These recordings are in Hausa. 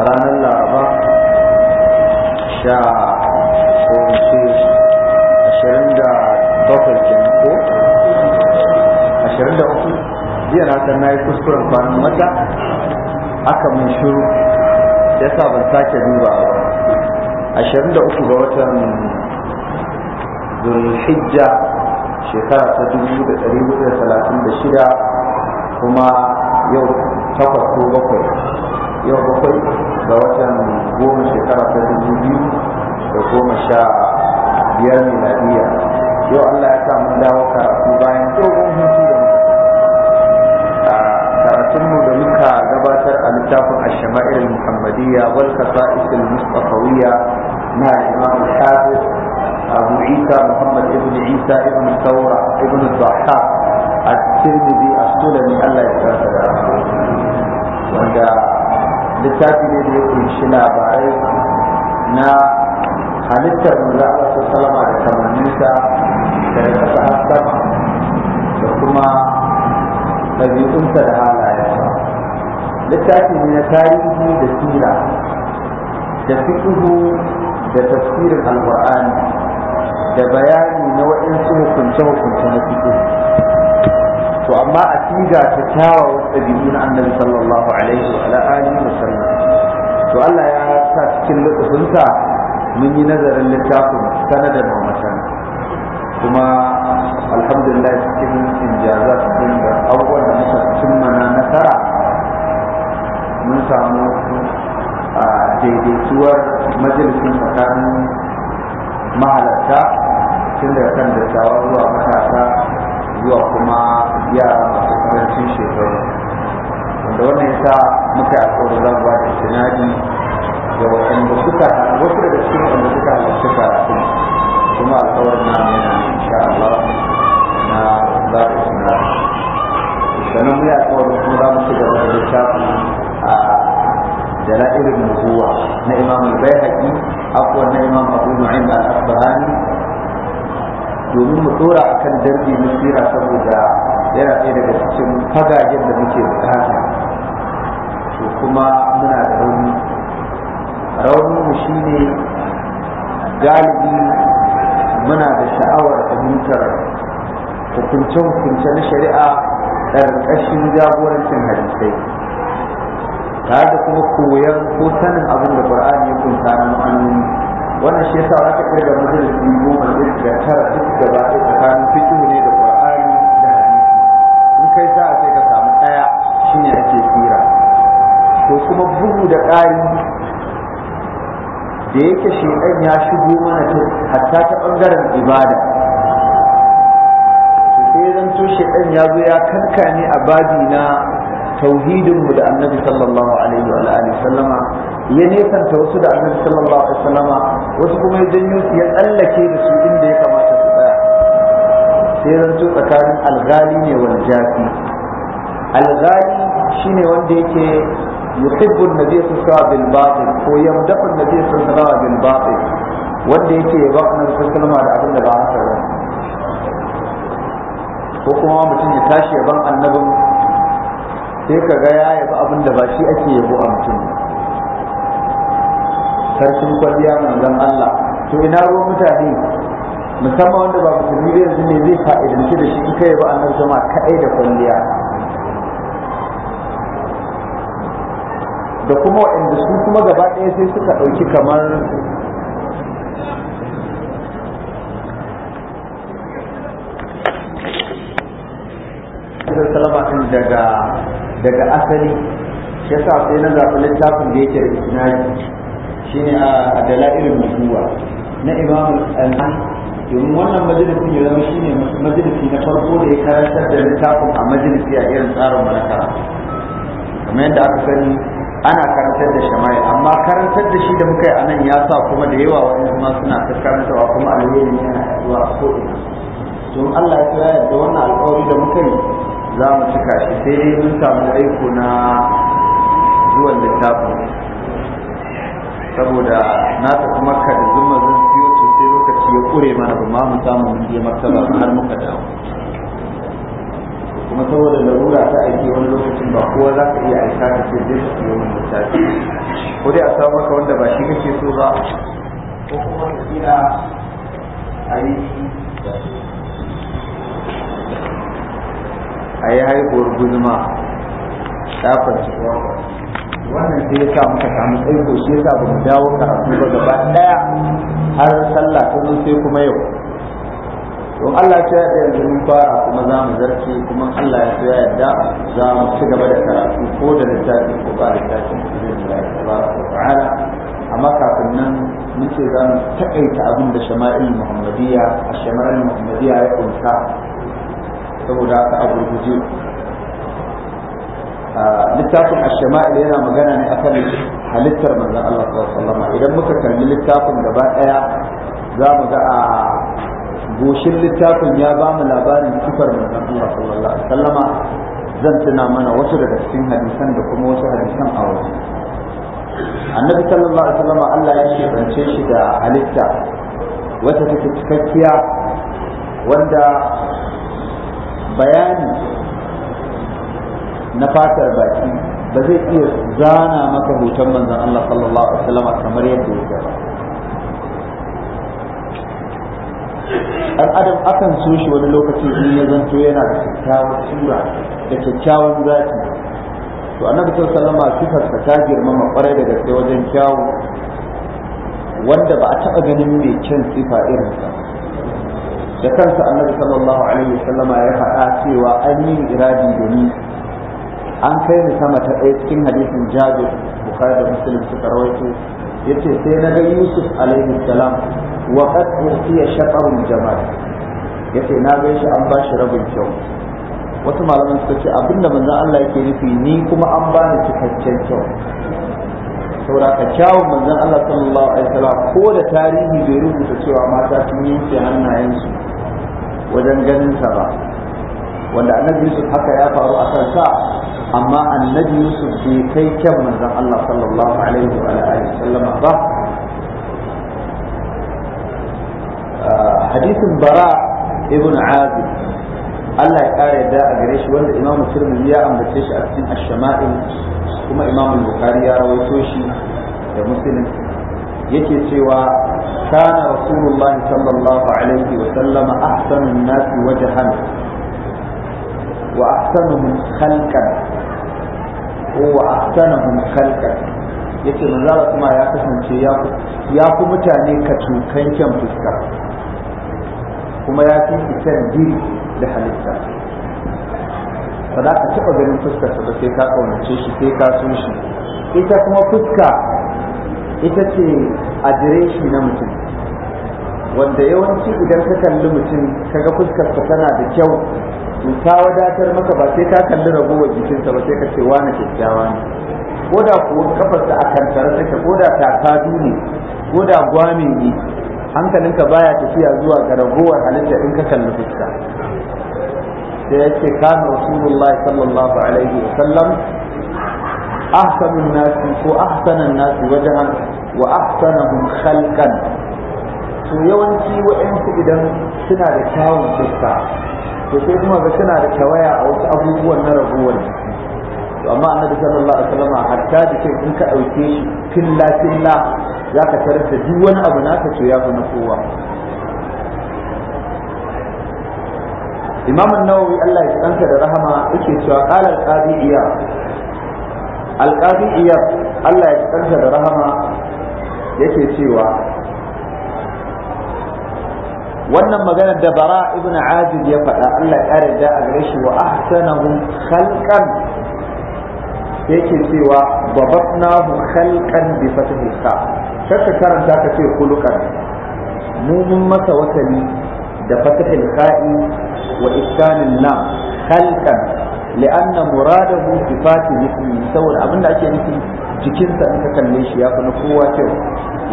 ranar laraba sha kowance ashirin da bakwai kenan ko ashirin da uku jiya na san na yi kuskuren kwanan mata aka mun shiru ya sa ban sake duba ba ashirin da uku ga watan zulhijja shekara ta dubu da ɗari hudu da talatin da shida kuma yau takwas ko bakwai yau bakwai ga watan goma shekara ta dubu biyu da goma sha biyar miladiya yau allah ya sa dawo karatu bayan dogon hutu da muka karatunmu da muka gabatar a littafin ashama'ir muhammadiyya wal kasa'is mustafawiyya na imam al-hafiz abu isa muhammad ibn isa ibn saura ibn dhahab at-tirmidhi as allah ya sa da wanda littafi ne da yake shi labarai na halittar manzo Allah sallallahu alaihi da kamanninsa da ƙasa har sama da kuma ɗabi'unsa da halaye littafi ne na tarihi da sira da fiƙihu da tafsirin alƙur'ani da bayani na waɗansu hukunce-hukunce na to amma a siga ta kyawawan ɗabi'u na annabi sallallahu alaihi wa alihi wa sallam to Allah ya sa cikin lokacinsa mun yi nazarin littafin sanadar mamatan kuma alhamdulillah cikin injaza cikin da abubuwan da muka cimma na nasara mun samu a daidaituwar majalisun tsakanin mahalarta tun daga kan dattawa zuwa matasa zuwa kuma yara masu karancin shekaru da wannan yasa muka yi alƙawarin zan ba da sinadi ga waɗanda suka wasu daga cikin waɗanda suka halarci karatu kuma alkawarin na yana insha Allah na za da istinadi sannan muna alƙawarin kuma za mu ci gaba da littafin a dalailin nubuwa na imam al-baihaqi akwai na imam abu nu'aym al-asbahani domin mu dora akan darbi na sira saboda yana ɗaya daga cikin fagajen da muke bukata kuma muna da rauni rauni mu shine galibi muna da sha'awar fahimtar hukunce-hukunce na shari'a ƙarƙashin jagorancin hadisai tare da kuma koyan ko sanin abin da ƙur'ani ya kunta na ma'anoni wannan shi yasa aka kirga majalisi goma da tara duk gaba ɗaya tsakanin fiƙihu ne da ƙur'ani da hadisi in kai za a Ko kuma bugu da ƙari da yake shekan ya shigo mana ta hatta ta ɓangaren ibada to sai zanto shekan ya zo ya kankane a babi na tauhidinmu da annabi sallallahu alaihi wa alihi sallama ya nesanta wasu da annabi sallallahu alaihi sallama wasu kuma ya janyo su ya tsallake da su inda ya kamata su tsaya sai zanto tsakanin alghali ne wal jafi alghali shine wanda yake yuhibbu an-nabi sallallahu alaihi wasallam bil ko yamdahu an-nabi sallallahu alaihi wasallam bil wanda yake yaba annabi sallallahu alaihi da abin da ba haka ba ko kuma mutum ya tashi yaban annabin sai ka ga ya yaba abin da ba shi ake yabo a mutum sarkin kwalliya manzon Allah to ina ruwan mutane musamman da ba musulmi da yanzu ne zai fa'idanci da shi kai ba annabi zama kaɗai da kwalliya da kuma waɗanda su kuma gaba ɗaya sai suka ɗauki kamar salama ɗin daga daga asali shi yasa sai na zaɓi littafin da yake da shi ne a irin nubuwa na imam al-anani domin wannan majalisin ya zama ne majalisi na farko da ya karantar da littafin a majalisi a irin tsarin malaka kamar yadda aka sani ana karantar da shama'il amma karantar da shi da muka yi anan ya sa kuma da yawa wani ma suna ta karantarwa kuma alheri yana zuwa. ko ina don Allah ya tsaya da wannan alƙawari da muka yi za mu cika shi sai dai mun samu aiko na zuwan littafin saboda na tafi makka da zuma zan siyo sosai lokaci ya kure mana ba ma mu samu mun je martaba har muka dawo kuma saboda larura ta aiki wani lokacin ba kowa za ka iya aika da ce zai shi yau mai lissafi ko dai a samu maka wanda ba shi kake so ba ko kuma ka kira a yi a yi haihuwar guzuma ta farci wannan sai ya sa muka samu tsaiko shi ya sa ba mu dawo karatu ba gaba ɗaya har sallah ta zo sai kuma yau don Allah ya yarda yanzu mun fara kuma za mu zarce kuma Allah ya yarda za mu ci gaba da karatu ko da littafi ko ba littafi ta'ala amma kafin nan muke ce za mu takaita abin da shama'il muhammadiyya a shama'il muhammadiyya ya kunsa saboda haka a gurguje littafin ashama'il yana magana ne akan halittar manzon Allah sallallahu alaihi wasallam idan muka kalli littafin gaba daya za mu ga a goshin littafin ya ba mu labarin sifar manzon Allah sallallahu alaihi zan tuna mana wasu daga cikin hadisan da kuma wasu hadisan a waje annabi sallallahu alaihi wasallama Allah ya shebance shi da halitta wata take cikakkiya wanda bayani na fatar baki ba zai iya zana maka hoton manzon Allah sallallahu alaihi kamar yadda ya ba dan adam akan so shi wani lokaci in ya zanto yana da kyakkyawar sura da kyakkyawar zaki to annabi sallallahu alaihi wasallam ta girmama kwarai da gaske wajen kyawu wanda ba a taɓa ganin mai kyan sifa irinsa da kansa annabi sallallahu alaihi wasallam ya faɗa cewa an yi iradi domin an kai ni sama ta ɗaya cikin hadisin jabir bukhari da muslim suka rawaito yace sai na ga yusuf alaihi salam wa qad utiya shatarul jamal yace na ga shi an bashi rabin kyau wasu malaman suka ce abinda manzon Allah yake nufi ni kuma an bani cikakken kyau saboda ka kyawun manzon Allah sallallahu alaihi wasallam ko da tarihi bai rubuta cewa mata sun yanke hannayensu wajen ganin sa ba wanda annabi Yusuf haka ya faru a sa, amma annabi Yusuf bai kai kyan manzon Allah sallallahu alaihi wa alihi wasallam ba hadisin bara ibn azib Allah ya kare da a gare shi wanda imamu tirmidhi ya ambace shi a cikin ash-shama'il kuma imamu bukhari ya rawaito shi da muslim yake cewa kana rasulullah sallallahu alaihi wa sallam ahsanun nasi wajhan wa ahsanuhum khalqan wa ahsanuhum khalqan kuma ya kasance ya fi mutane ka tukan fuska kuma ya fi shi da halitta ba za ka taɓa ganin fuskar ba sai ka kaunace shi sai ka so shi ita kuma fuska ita ce adireshi na mutum wanda yawanci idan ka kalli mutum kaga ta tana da kyau to ta wadatar maka ba sai ka kalli ragowar jikinsa ba sai ka ce wani kyakkyawa ne ko da kuwa kafarsa a kantar take ko da ta ne ko da gwamin ne hankalinka baya tafiya zuwa ga ragowar halitta in ka kalli fuska sai yace kana rasulullahi sallallahu alaihi wa sallam ahsanun nasi ko ahsanan nasi wajahan wa ahsanahum khalqan to yawanci waɗansu idan suna da kyawun fuska to sai kuma ga suna da kyawaya a wasu abubuwan na ragowar to amma annabi sallallahu alaihi wasallam hatta jikin in ka ɗauke shi filla filla za ka tarar da duk wani abu naka to ya fi na kowa imam an-nawawi Allah ya tsanta da rahama yake cewa qala al-qadi iya al-qadi iya Allah ya tsanta da rahama yake cewa wannan magana da bara ibn azib ya faɗa Allah ya kare da a gare shi wa ahsanahum khalqan yake cewa babatnahu khalqan bi fathil sa kakka karanta ka ce kulukan mu mun masa watani da fatahil ka'i wa iskanin na halkan li'anna muradahu sifati mithli saboda abinda ake nufi jikinsa sa ka kalle shi ya fi na kowa kyau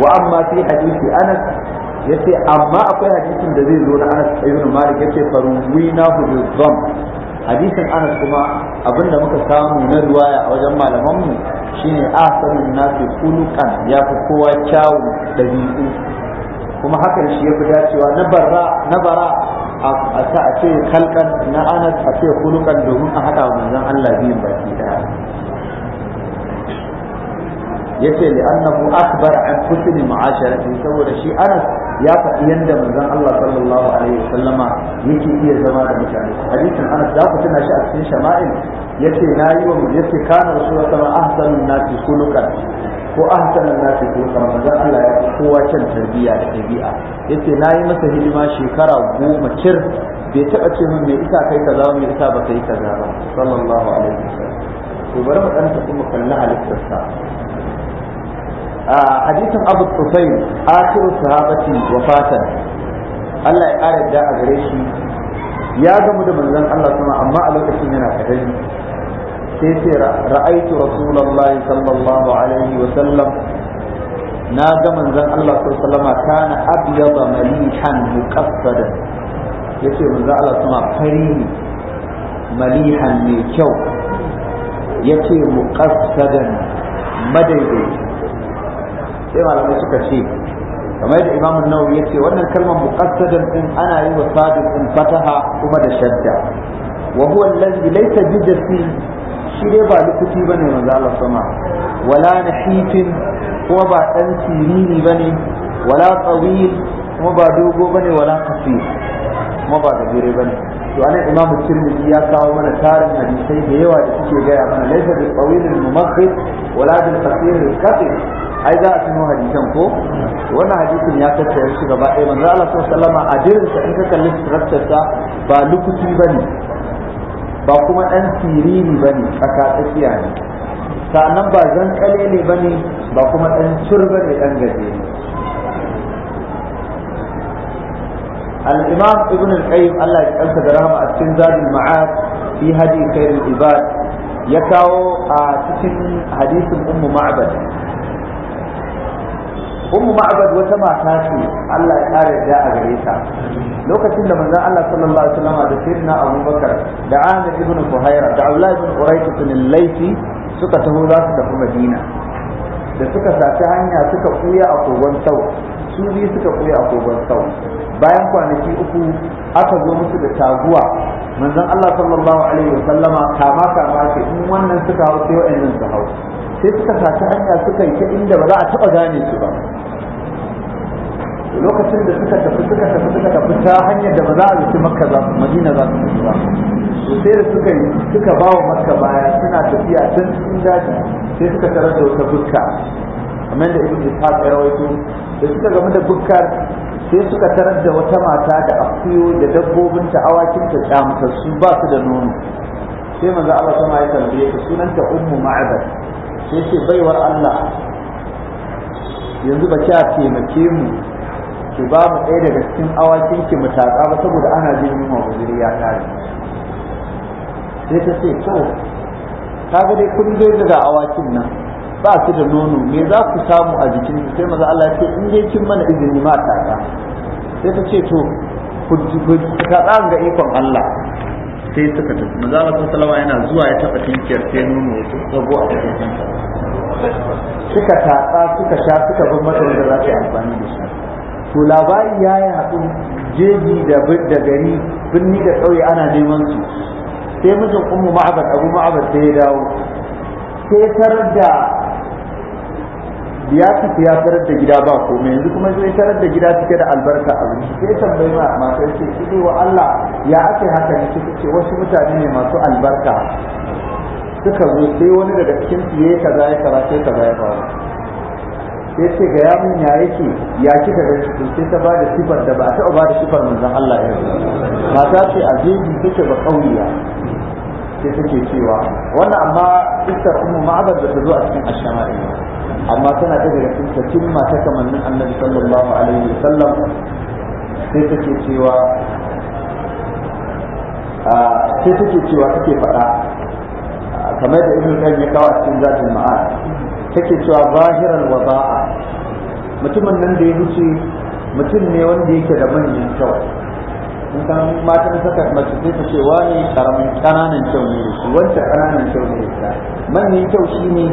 wa amma fi hadisi anas yace amma akwai hadisin da zai zo na anas ibn malik yace faruwina hu bi hadisin anas kuma abinda muka samu na ruwaya a wajen malamanmu shine ahsanun nasu kulukan ya fi kowa kyawun ɗabi'u kuma hakan shi ya fi dacewa na bara a ce kalkan na anas a ce kulukan domin a haɗa wa Allah biyun baki ɗaya yace li annahu akbar an kusni ma'asharati saboda shi Anas ya faɗi yanda manzon Allah sallallahu alaihi wasallama yake iya zama da mutane hadisin Anas za ku tuna shi a cikin shama'il yace nayi wa yace kana rasulullahi sallallahu alaihi wasallam nasi khuluqan ko ahsanu nasi khuluqan manzon Allah ya kowa kyan tarbiyya da tabi'a yace nayi masa hidima shekara goma cir bai taɓa ce min mai isa kai kaza me isa ba kai kaza ba sallallahu alaihi wasallam ko bari mu dan tafi mu kalli halittarsa hadisin abu tufai akiru sahabati wafatan Allah ya ƙara da a gare shi ya gamu da manzon Allah kuma amma a lokacin yana kadari sai ce ra'aitu rasulullahi sallallahu alaihi wa sallam na ga manzon Allah sallallahu alaihi kana abyada malihan muqaffada yace manzon Allah kuma fari malihan mai kyau yace muqaffadan madaidaici sai malamai suka ce kamar da imamu nawawi ya ce wannan kalmar muqaddadan din ana yi wa sadiq din fataha kuma da shadda wa huwa allazi laysa bidasi shi dai ba lukuti bane manzo Allah sama wala nahitin kuma ba dan tirini bane wala tawil kuma ba dogo bane wala kafi kuma ba gajere bane to anan imamu tirmidhi ya kawo mana tarin hadisai da yawa da suke gaya mana laysa bil tawil al mumakhid wala bil qasir al qasir ai za a tuno hadisan ko wannan hadisin ya tattara shi gaba ɗaya manzo Allah sallallahu alaihi a jirinsa in ka kalli structure sa ba lukuti bane ba kuma ɗan siriri bane tsaka tsakiya ne sannan ba zan kalele bane ba kuma ɗan cur bane ɗan gaje الإمام ابن القيم الله يسألك درهم التنزال المعاد في هدي خير العباد يكاو a cikin حديث أم معبد ummu ma'abad wata mata ce Allah ya kare da a gare ta lokacin da manzon Allah sallallahu alaihi wasallam da sayyidina Abu Bakar da Ahmad ibn Fuhaira da Abdullah ibn Urayqah bin Laythi suka taho za su tafi Madina da suka saci hanya suka kuya a kogon sau su biyu suka kuya a kogon sau bayan kwanaki uku aka zo musu da taguwa manzon Allah sallallahu alaihi wasallama kama kama ce in wannan suka hau sai wa'annan su hau sai suka sace hanya suka yi ta inda ba za a taɓa gane su ba lokacin da suka tafi suka tafi suka tafi ta hanyar da ba za a zuci makka za su madina za su tafi ba sai da suka yi suka ba wa makka baya suna tafiya tun cikin daji sai suka tarar da wata bukka kamar da ibn ishaq ya rawaito da suka gamu da bukkar sai suka tarar da wata mata da akuyo da dabbobin ta ta awakinta su ba su da nono sai manzo Allah sama ya tambaye ta sunanta ummu ma'abad sai ce baiwar Allah yanzu ba kya taimake mu ki ba mu ɗaya daga cikin awakin ki mu ba saboda ana jin yunwa guzuri ya tare sai ta ce to ka ga dai kun zai daga awakin nan ba su da nono me za ku samu a jikin sai maza Allah ce in dai kin mana izini ma tatsa sai ta ce to ku tatsa ga ikon Allah sai suka tafi manzo Allah sallallahu yana zuwa ya taba tinkiyar sai nuna ya zabo a cikin kanta suka tatsa suka sha suka bin mata wanda za ta yi amfani da shi to labari ya yi haɗu jeji da da gari birni da ƙauye ana neman su sai mijin ummu ma'abar abu ma'abar sai ya dawo sai tar da ya ya tarar da gida ba komai yanzu kuma zai tarar da gida cike da albarka a wuri sai tambayi ma masu yake cike wa Allah ya ake haka ne suka ce wasu mutane ne masu albarka suka zo sai wani daga cikin su yayi kaza ya kaza sai kaza ya fara. sai ce ga yamin ya yake ya kika da shi sai ta ba da sifar da ba ta ba da sifar manzon Allah ya mata ce a jeji take ba kauriya. sai suke cewa wannan amma iskar ummu ma'abar da ta zo a cikin ashamari amma tana ta daga cikin cimma, ta kamannin annabi sallallahu alaihi sallam sai take cewa sai take cewa take faɗa kamar da ibn qayyim ya kawo a cikin zatul ma'ad take cewa zahiral wada'a mutumin nan da ya wuce mutum ne wanda yake da manyan kyau in san matan saka mace sai ta ce wani karamin kananan kyau ne da shi wancan kananan kyau ne da shi manyan kyau shi ne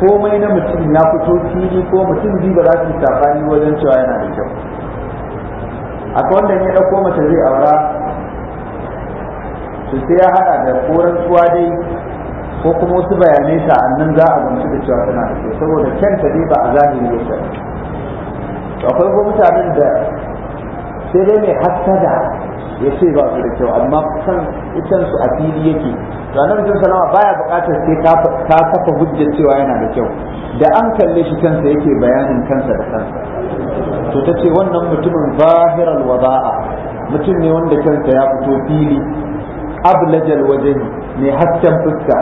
komai na mutum ya fito fili ko mutum biyu ba za su yi safari wajen cewa yana da kyau akwai wanda ne ɗauko mace zai aura su sai ya haɗa da koran tsuwa dai ko kuma wasu bayanai sa sa'annan za a gamsu da cewa tana da kyau saboda kyanta dai ba a zahiri ya akwai ko mutanen da sai dai mai hassada ya ce ba su da kyau amma kan itan su a fili yake to annabi sallallahu baya buƙatar sai ta kafa hujjar cewa yana da kyau da an kalle shi kansa yake bayanin kansa da kansa to ta ce wannan mutumin zahiral wada'a mutum ne wanda kansa ya fito fili ablajal wajen mai hasken fuska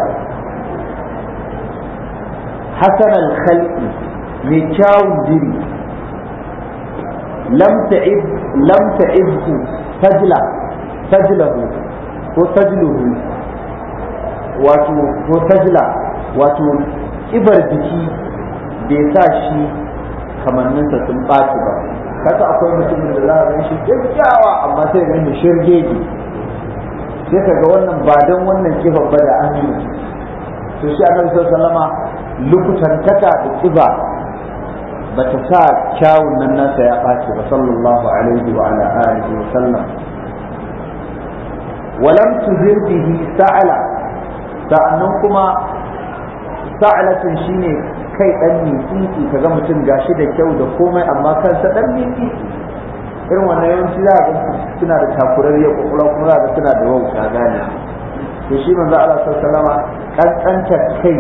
hasanal khalqi mai kyawun jiri lam ta'ib lam ta'ibku Tajila tajlahu ko tajluhu wato ko tajila wato ibar jiki bai sa shi kamanninsa sun ɓaci ba kasa akwai mutumin da za a gan shi kyakkyawa amma sai ga mai sai ka ga wannan ba don wannan kibar ba da an yi to shi annabi sallallahu lukutan lukutantaka da kiba bata sa kyawun nan nasa ya ɓace ba sallallahu alaihi wa ala alihi wa sallam walam tuzir bihi sa'ala sa'annan kuma sa'alatin shine kai dan mititi kaga mutum gashi da kyau da komai amma kansa dan mititi irin wannan yawanci za ga suna da takurar takurarriyar kwakwalwa kuma za ga suna da wauta gane to shi manzo Allah sallallahu alaihi wa sallama kai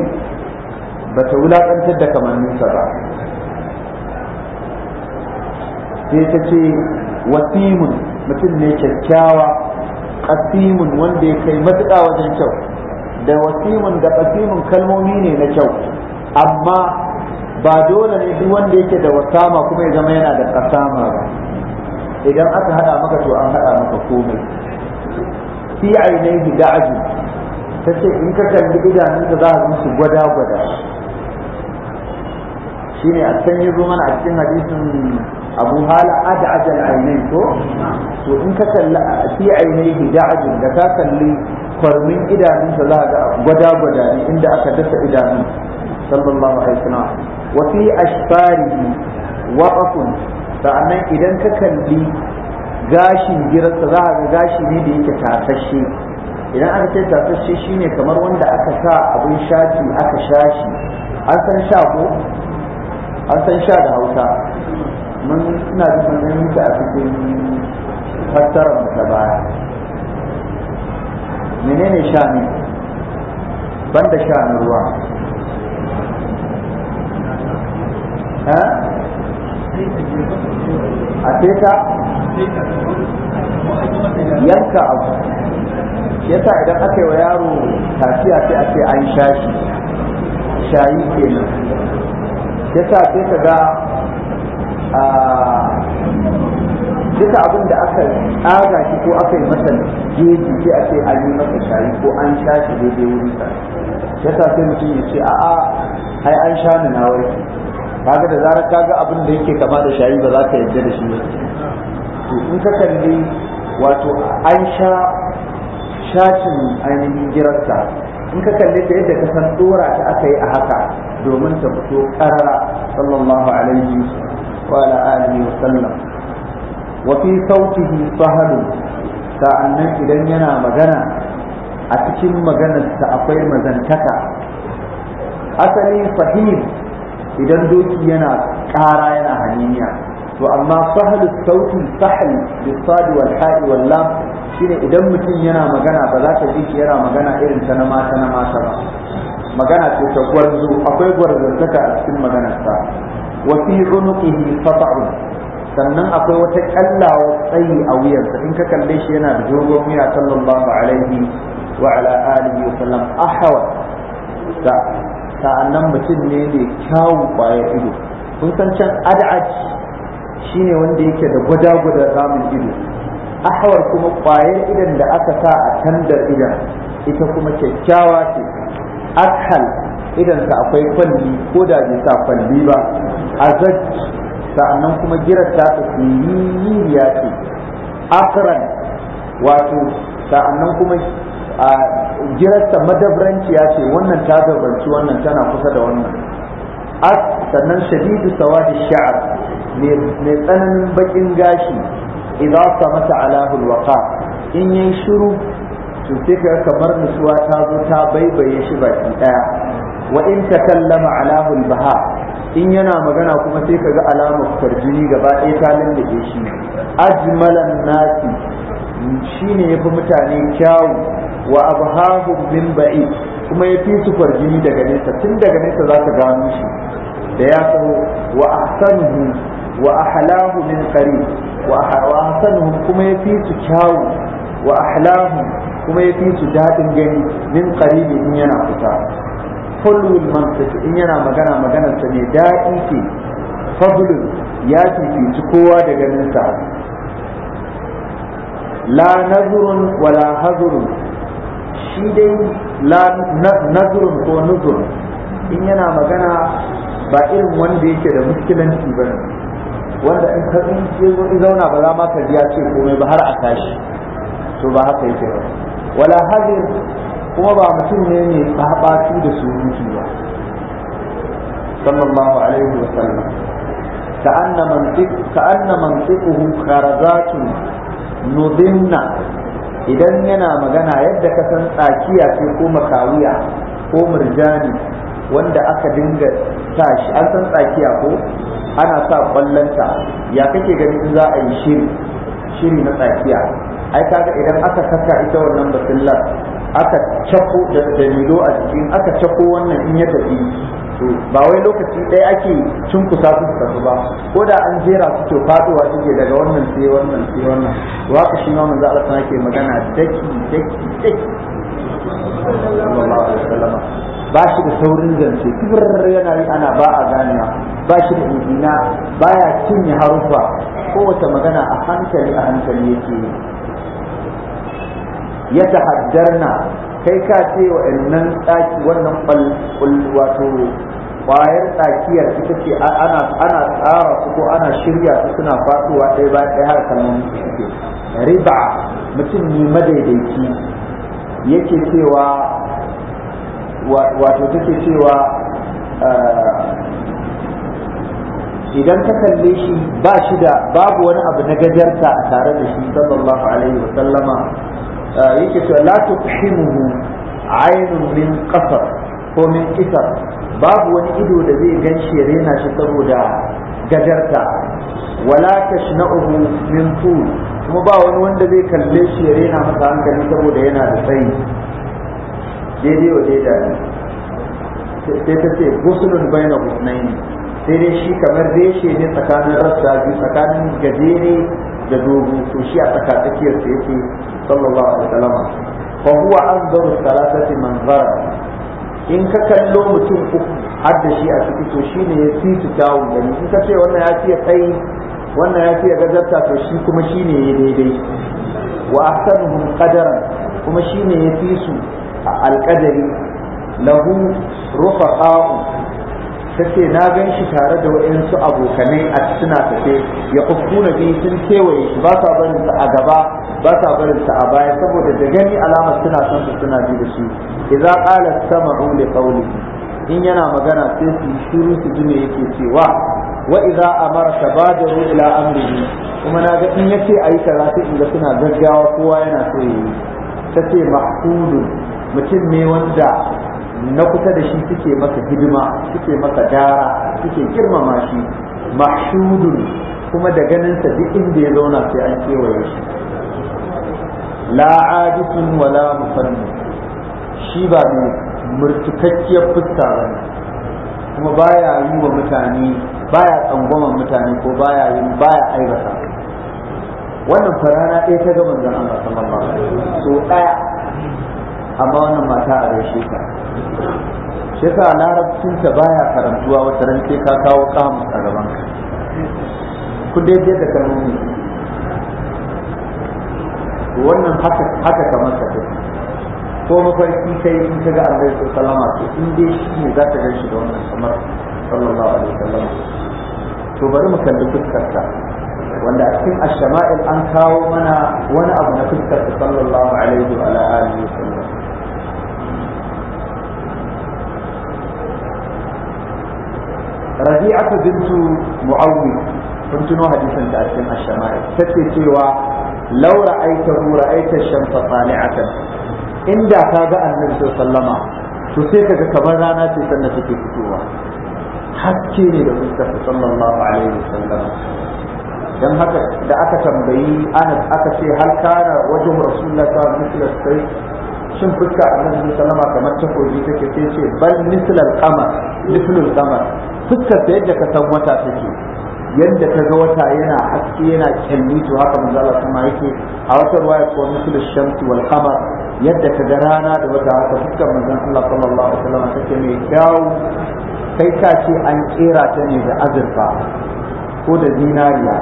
bata wulakantar da kamanninsa ba sai ta ce wasimun mutum ne kyakkyawa kasimun wanda ya kai matuƙa wajen kyau da wasimun da kasimun kalmomi ne na kyau amma ba dole ne duk wanda yake da wasama kuma ya zama yana da ƙasama ba idan aka hada maka to an hada maka komai fi ainihi da'aju ta ce in ka kalli idanunka za a musu gwada-gwada shine a sanyi zuwa mana a cikin hadisin abu hala ad'aj al-ainain to to in ka kalli a fi ainihi da'ajin da ka kalli kwarmin idanunsa za ga gwada-gwada ne inda aka dasa idanun sallallahu alaihi wasallam wa fi ashfarihi waqafun sa'annan idan ka kalli gashin girarsa za ga gashi ne da yake tafashe, idan aka ce tasashe shine kamar wanda aka sa abin shaci aka shashi an san sha ko an san sha da hausa mun ina da sanin ta a cikin fassarar mu ta baya menene shani banda ruwa ha a abu yasa idan aka yi wa yaro kaciya sai ake an shashi shayi kenan yasa sai ka ga duka abin da aka tsaga shi ko aka yi masa jeji sai a ce an yi masa shayi ko an sha shi daidai wurin sa yasa sai mutum ya ce a'a ai an sha ni na warke kaga da zarar kaga abin da yake kama da shayi ba za ka yarda da shi ba to in ka kalli wato an sha shashin ainihin girarsa in ka kalli ta yadda ka san dora ta aka yi a haka domin ta fito karara sallallahu alaihi وعلى آله وسلم وفي صوته صهد sa'annan idan yana magana a cikin maganarsa akwai mazantaka asali fahim idan doki yana ƙara yana haniniya to amma sahal sauti sahal bisadi wal ha'i wal lam shine idan mutum yana magana ba za ta ji shi yana magana irin ta na mata na mata ba magana ce ta gwarzo akwai gwarzantaka a cikin maganarsa wa fi unuqihi sannan akwai wata kallawa tsayi a wuyarsa in ka kalle shi yana da dogon wuya sallallahu alaihi wa ala alihi wa sallam ahwa da sa'annan mutum ne ne kyawu baya ido kun san can ad'aj shine wanda yake da gwada-gwada ramin ido ahwar kuma kwayar idan da aka sa a tandar idan ita kuma kyakkyawa ce akhal idan sa akwai kwalli ko da bai sa kwalli ba azaj sa'annan kuma jirar ta ya ce akran wato sa'annan kuma a madabranci madabranciya ce wannan ta zabarci wannan tana kusa da wannan as sannan shadidu sawadi sha'ar mai tsananin bakin gashi idan sa mata alahul waqa in yi shiru to sai ka kamar nutsuwa ta zo ta baibaye shi baki daya wa in kallama alahul baha in yana magana kuma sai ka ga alamar farjini gaba ɗaya ta lullube shi ajmalan nasi shi ne ya fi mutane kyawu wa abu min ba'i kuma ya fi su farjini daga nesa tun daga nesa za ka gano shi da ya sa wa ahsanuhu wa ahlahu min qarib wa ahsanuhu kuma ya fi su kyawu wa ahlahu kuma ya fi su daɗin gani min qarib in yana kusa. hulwul mantaki in yana magana maganarsa ne daɗi ce fadlun ya fifici kowa da ganin sa. la nazrun wala hazurun shi dai la ko nuzur in yana magana ba irin wanda yake da muskilanci ba ne wanda in ka in zauna ba za ma ka ji ya ce komai ba har a tashi to ba haka yake ba wala hazir kuma ba mutum ne ne haɓatu da surutu ba sallallahu alaihi wa sallam كأن منطق كأن منطقه idan yana magana yadda ka san tsakiya ce ko makawiya ko murjani wanda aka dinga tashi, an san tsakiya ko ana sa kwallonta ya kake ganin za a yi shiri shiri na tsakiya ai kaga idan aka saka ita wannan basillar aka cako da dalilo a cikin aka cako wannan in ya tafi to ba wai lokaci ɗaya ake cunkusa kusa su tafi ba ko da an jera su to faduwa suke daga wannan sai wannan sai wannan waka shi ma za Allah sana ke magana daki daki daki ba shi da saurin zance kibir yana yi ana ba a ganewa ba shi da injina baya cinye harufa kowace magana a hankali a hankali yake yi ya na kai ka ce wa nan tsaki wannan wato kwayar tsakiyar ita ce ana tsara su ko ana shirya su suna fasowa ɗaya ba ɗaya har kallon suke riba mutum ne madaidaiki yake cewa wato take cewa ah, idan ka kalle shi ba shi da babu wani abu na gajarta a tare da shi sallallahu alaihi wa sallama yake cewa la tuqhimuhu aynun min qasar ko min qisar babu wani ido da zai ganshi ya rena shi saboda gajarta wala tashna'uhu min tul kuma ba wani wanda zai kalle shi ya rena masa hankali saboda yana da tsayi daidai wa daidai sai ta ce gusulun bayna husnaini sai dai shi kamar reshe ne tsakanin rassa biyu tsakanin gajere da dogo to shi a tsaka tsakiyar sa yake sallallahu alaihi wasallam fa huwa anzaru salatati manzara in ka kallo mutum uku har da shi a ciki to shi ne ya fi su da ni in ka ce wannan ya fi kai wannan ya ce gazarta to shi kuma shine ya daidai wa ahsanuhum qadaran kuma ne ya fi su alqadari lahu rufaqa ta ce na gan shi tare da waɗansu abokanai a suna tafe ya kuskuna biyu sun kewaye shi ba sa barinsa a gaba ba sa barinsa a baya saboda da gani alamar suna son su suna ji da shi idza qala sama'u li qawlihi in yana magana sai su shiru su ji me yake cewa wa idza amara tabadaru ila amrihi kuma na ga in yace ayi kaza in ga suna gaggawa kowa yana so yi ta ce mahmudun mutum ne wanda na kusa da shi suke masa hidima suke masa dara suke girmama shi mahshudun kuma da ganinsa duk inda ya zauna sai an kewaye shi la ajisun wala musannu shi ba mai murtukakkiyar fuska ba kuma baya yi wa mutane baya tsangwama mutane ko baya yin baya aibata wannan farana ɗaya ta gaban zan Allah sallallahu alaihi so ɗaya amma wannan mata a gaishe ka shi ka ba baya karantuwa wata ran ka kawo kama a gaban ka ku daidai da kanuni. wannan haka kamar ka ko mafarki kai in ka ga annabi sallama to in dai shi ne za ta gaishe da wannan kamar sallallahu alaihi wasallam to bari mu kalli ka. wanda a cikin ashama'il an kawo mana wani abu na fuskar sallallahu alaihi wa alihi wasallam rabi'atu bintu mu'awwi kun tuno hadisin da a cikin ash-shama'il tace cewa law ra'aytahu ra'ayta ash-shamsa tali'atan inda ka ga annabi sallama to sai kamar rana ce sannan take fitowa haske ne da sallallahu alaihi dan haka da aka tambayi Anas aka ce hal kana wajhu rasulullahi sallallahu alaihi wasallam shin fuska a annabi salama kamar takobi take ke ce bal mislal qamar mislul qamar fuskar ta yadda ka san wata take yadda ka ga wata yana haske yana kyalli to haka manzo Allah kuma yake a wata ruwaya ko mislu shamsi wal qamar yadda ka ga rana da wata haka fuskar manzo Allah sallallahu alaihi wasallam take mai kyau kai ka ce an kera ta ne da azurfa ko da zinariya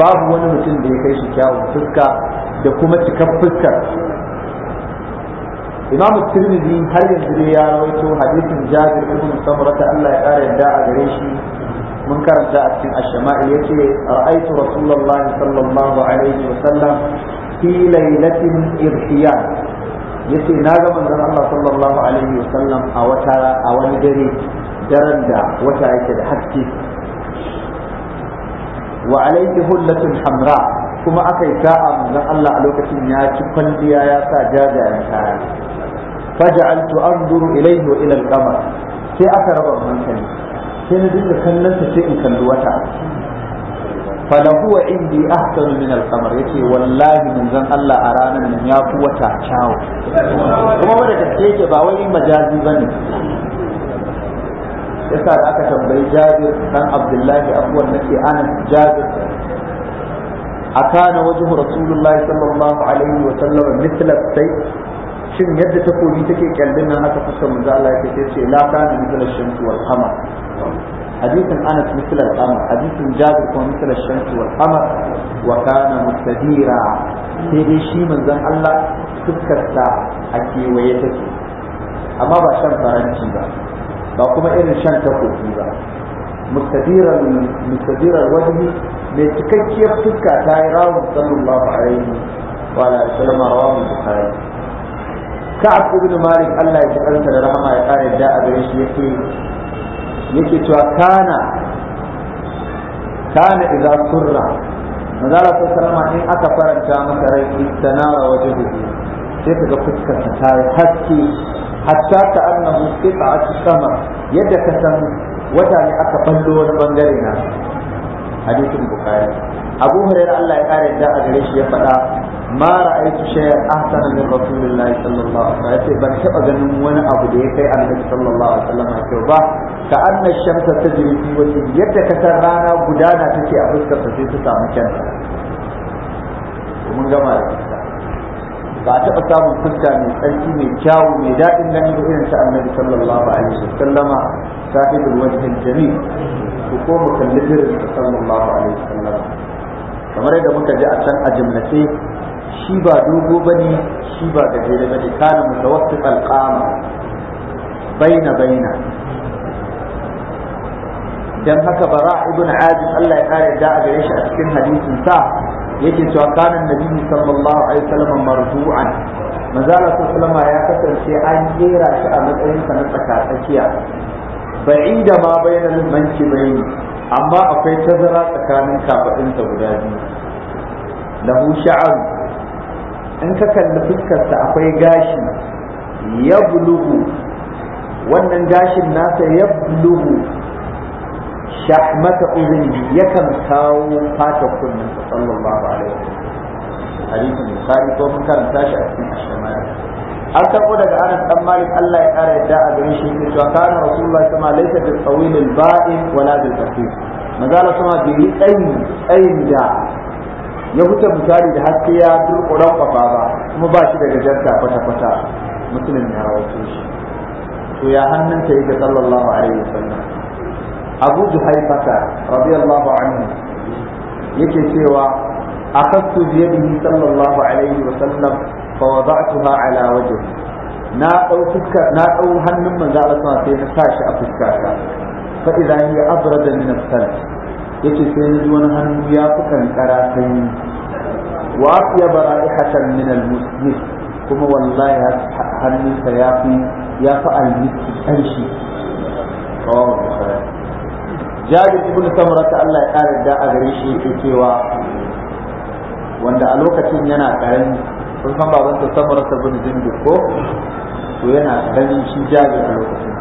babu wani mutum da ya kai shi kyawun fuska da kuma cikar fuskar imam tirmidhi har yanzu dai ya rawaito hadisin jabir ibn samura ta Allah ya kara yadda a gare shi mun karanta a cikin ash-shama'il yace ra'aytu rasulullahi sallallahu alaihi wa sallam fi lailatin irhiyan yace na ga manzon Allah sallallahu alaihi wa sallam a wata a wani dare daren da wata yake da haske wa alaihi hullatun hamra kuma aka yi sa'a manzon Allah a lokacin ya ci kwalliya ya sa jajayen kaya faja'altu anzuru ilayhi wa ila al-qamar sai aka raba hankali sai na dinga kallon sa sai in kalli wata فلهو عندي أحسن wallahi القمر يتي Allah a زن nan ya من يافو وتعشاو kuma wadda gaske yake ba wani majazi ba ne yasa da aka tambayi jabir dan abdullahi abuwan nake anas jabir أكان وجه رسول الله صلى الله عليه وسلم مثل السيف shin yadda takobi take kyallin nan aka fuska manzo Allah yake sai ce la kana mithla shamsi wal qamar hadithin Anas mithla al qamar hadithin Jabir kuma mithla shamsi wal qamar wa kana sai dai shi manzon Allah fuskarsa a kewaye take amma ba shan faranti ba ba kuma irin shan takobi ba mustabirar wajhi mai cikakkiyar fuska ta yi rawun sallallahu alaihi wa sallama rawun bukhari ka'ab ibn malik Allah ya ji da rahama ya kare da a gare shi yake yake cewa kana kana idza surra manzala ta sallama in aka faranta masa rai istanara wajhu sai ta yi ka annahu qita'at sama yadda ka san wata ne aka fallo wani bangare na hadisin bukari abu hurairah Allah ya kare da a gare shi ya faɗa ma ra'aytu shay'an ahsana min rasulillahi sallallahu alaihi wasallam ban taba ganin wani abu da ya kai annabi sallallahu alaihi wasallam kyau ba ka anna shamsa tajri fi wajhi yadda ka san rana gudana take a fuskar ta sai ta samu kyanta mun gama da ba a taɓa samun fuska mai tsarki mai kyawu mai daɗin gani ba irin ta annabi sallallahu alaihi wasallama صاحب الوجه الجميل تقوم كالنبر صلى الله عليه وسلم kamar yadda muka ji a can a jimlace shi ba dogo ba ne shi ba gajere ba ne kana mutawassif alqama baina baina dan haka bara ibn azib Allah ya kare da a gare shi a cikin hadisin sa yake cewa kana annabi sallallahu alaihi wasallam mardu'an manzo Allah sallallahu ya kasance an jera shi a matsayin sa na tsaka tsakiya bai ba'ida ma bainal mankibaini amma akwai tazara tsakanin kafadinsa guda biyu lahu sha'ar in ka kalli fuskarsa akwai gashi ya bulugu wannan gashin nasa ya bulugu shahmata uzuni yakan kawo fatar kunninsa sallallahu alaihi wasallam hadisin bukhari ko mun karanta shi a cikin ashamaya an ko daga Anas dan Malik Allah ya kara yadda a gare shi to cewa kana rasulullahi kama laysa bil tawil al wa wala bil qasir manzala kuma bi yi tsayin tsayin da ya huta misali da haske ya durƙuran kwafa ba kuma ba shi daga jarka kwata kwata musulmin ya rawaito shi to ya hannunta yake sallallahu alaihi wasallam Abu Juhaifata radiyallahu anhu yake cewa أخذت بيده صلى الله عليه وسلم فوضعتها على وجهه na ɗaukuka na ɗau hannun manzo Allah sama sai na tashi a fuskata fa idza hi abrada min al-sal sai na ji wani hannu ya fuka ni kara sanyi wa ya bara'ihatan min al-muslim kuma wallahi hannun sa ya fi ya fi oh jabir ibn samura ta Allah ya kare a garin shi yake cewa wanda a lokacin yana karami sun san baban sa samar sa bin jindu ko to yana karami shi jari a lokacin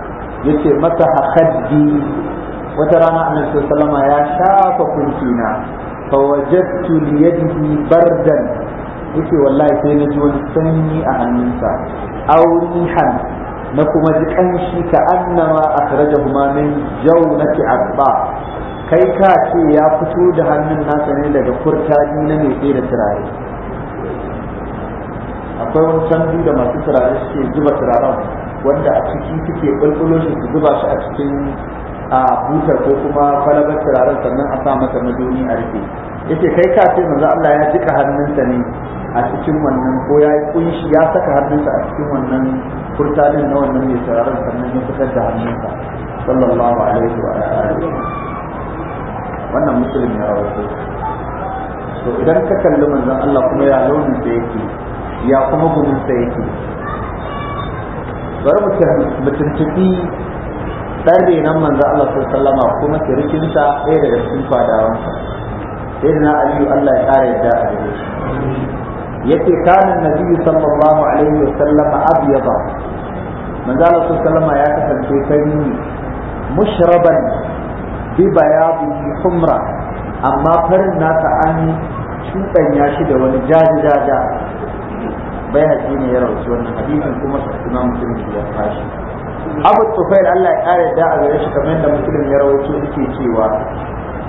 yace masa haddi wata rana annabi sallama ya shafa kuncina fa wajadtu li yadihi bardan yace wallahi sai na ji wani sanyi a hannunsa aurihan na kuma ji kanshi ka annama akhrajahuma min jawnati abba kai ka ce ya fito da hannun nasa ne daga furta na mai da turare akwai wani canji da masu turare suke zuba turaren wanda a ciki suke bulbulo shi su zuba shi a cikin a butar ko kuma kwalabar turaren sannan a sa masa madoni a rufe yace kai ka ce manzo Allah ya jika hannunsa ne a cikin wannan ko ya kunshi ya saka hannunsa a cikin wannan kurtanin na wannan mai turaren sannan ya fitar da hannunsa sallallahu alaihi wa alihi wannan musulun ya rawaito to idan ka kalli manzon Allah kuma ya launin sa yake ya kuma gumin sa yake bari mu tuntubi dan renon manzon Allah sallama kuma kirkinsa ɗaya daga cikin fadawansa sai da na aliyu Allah ya ƙara yadda a gare shi yace kana nabiyyu sallallahu alaihi wa sallama abyada manzo Allah sallama ya kasance fari mushraban bi bayadi humra amma farin nasa an cuɗanya shi da wani jaji jaja bai haƙi ne ya rauci wannan hadisin kuma sakuna musulun ya fashi abu tufail Allah ya ƙara da a gare shi kamar da musulun ya cewa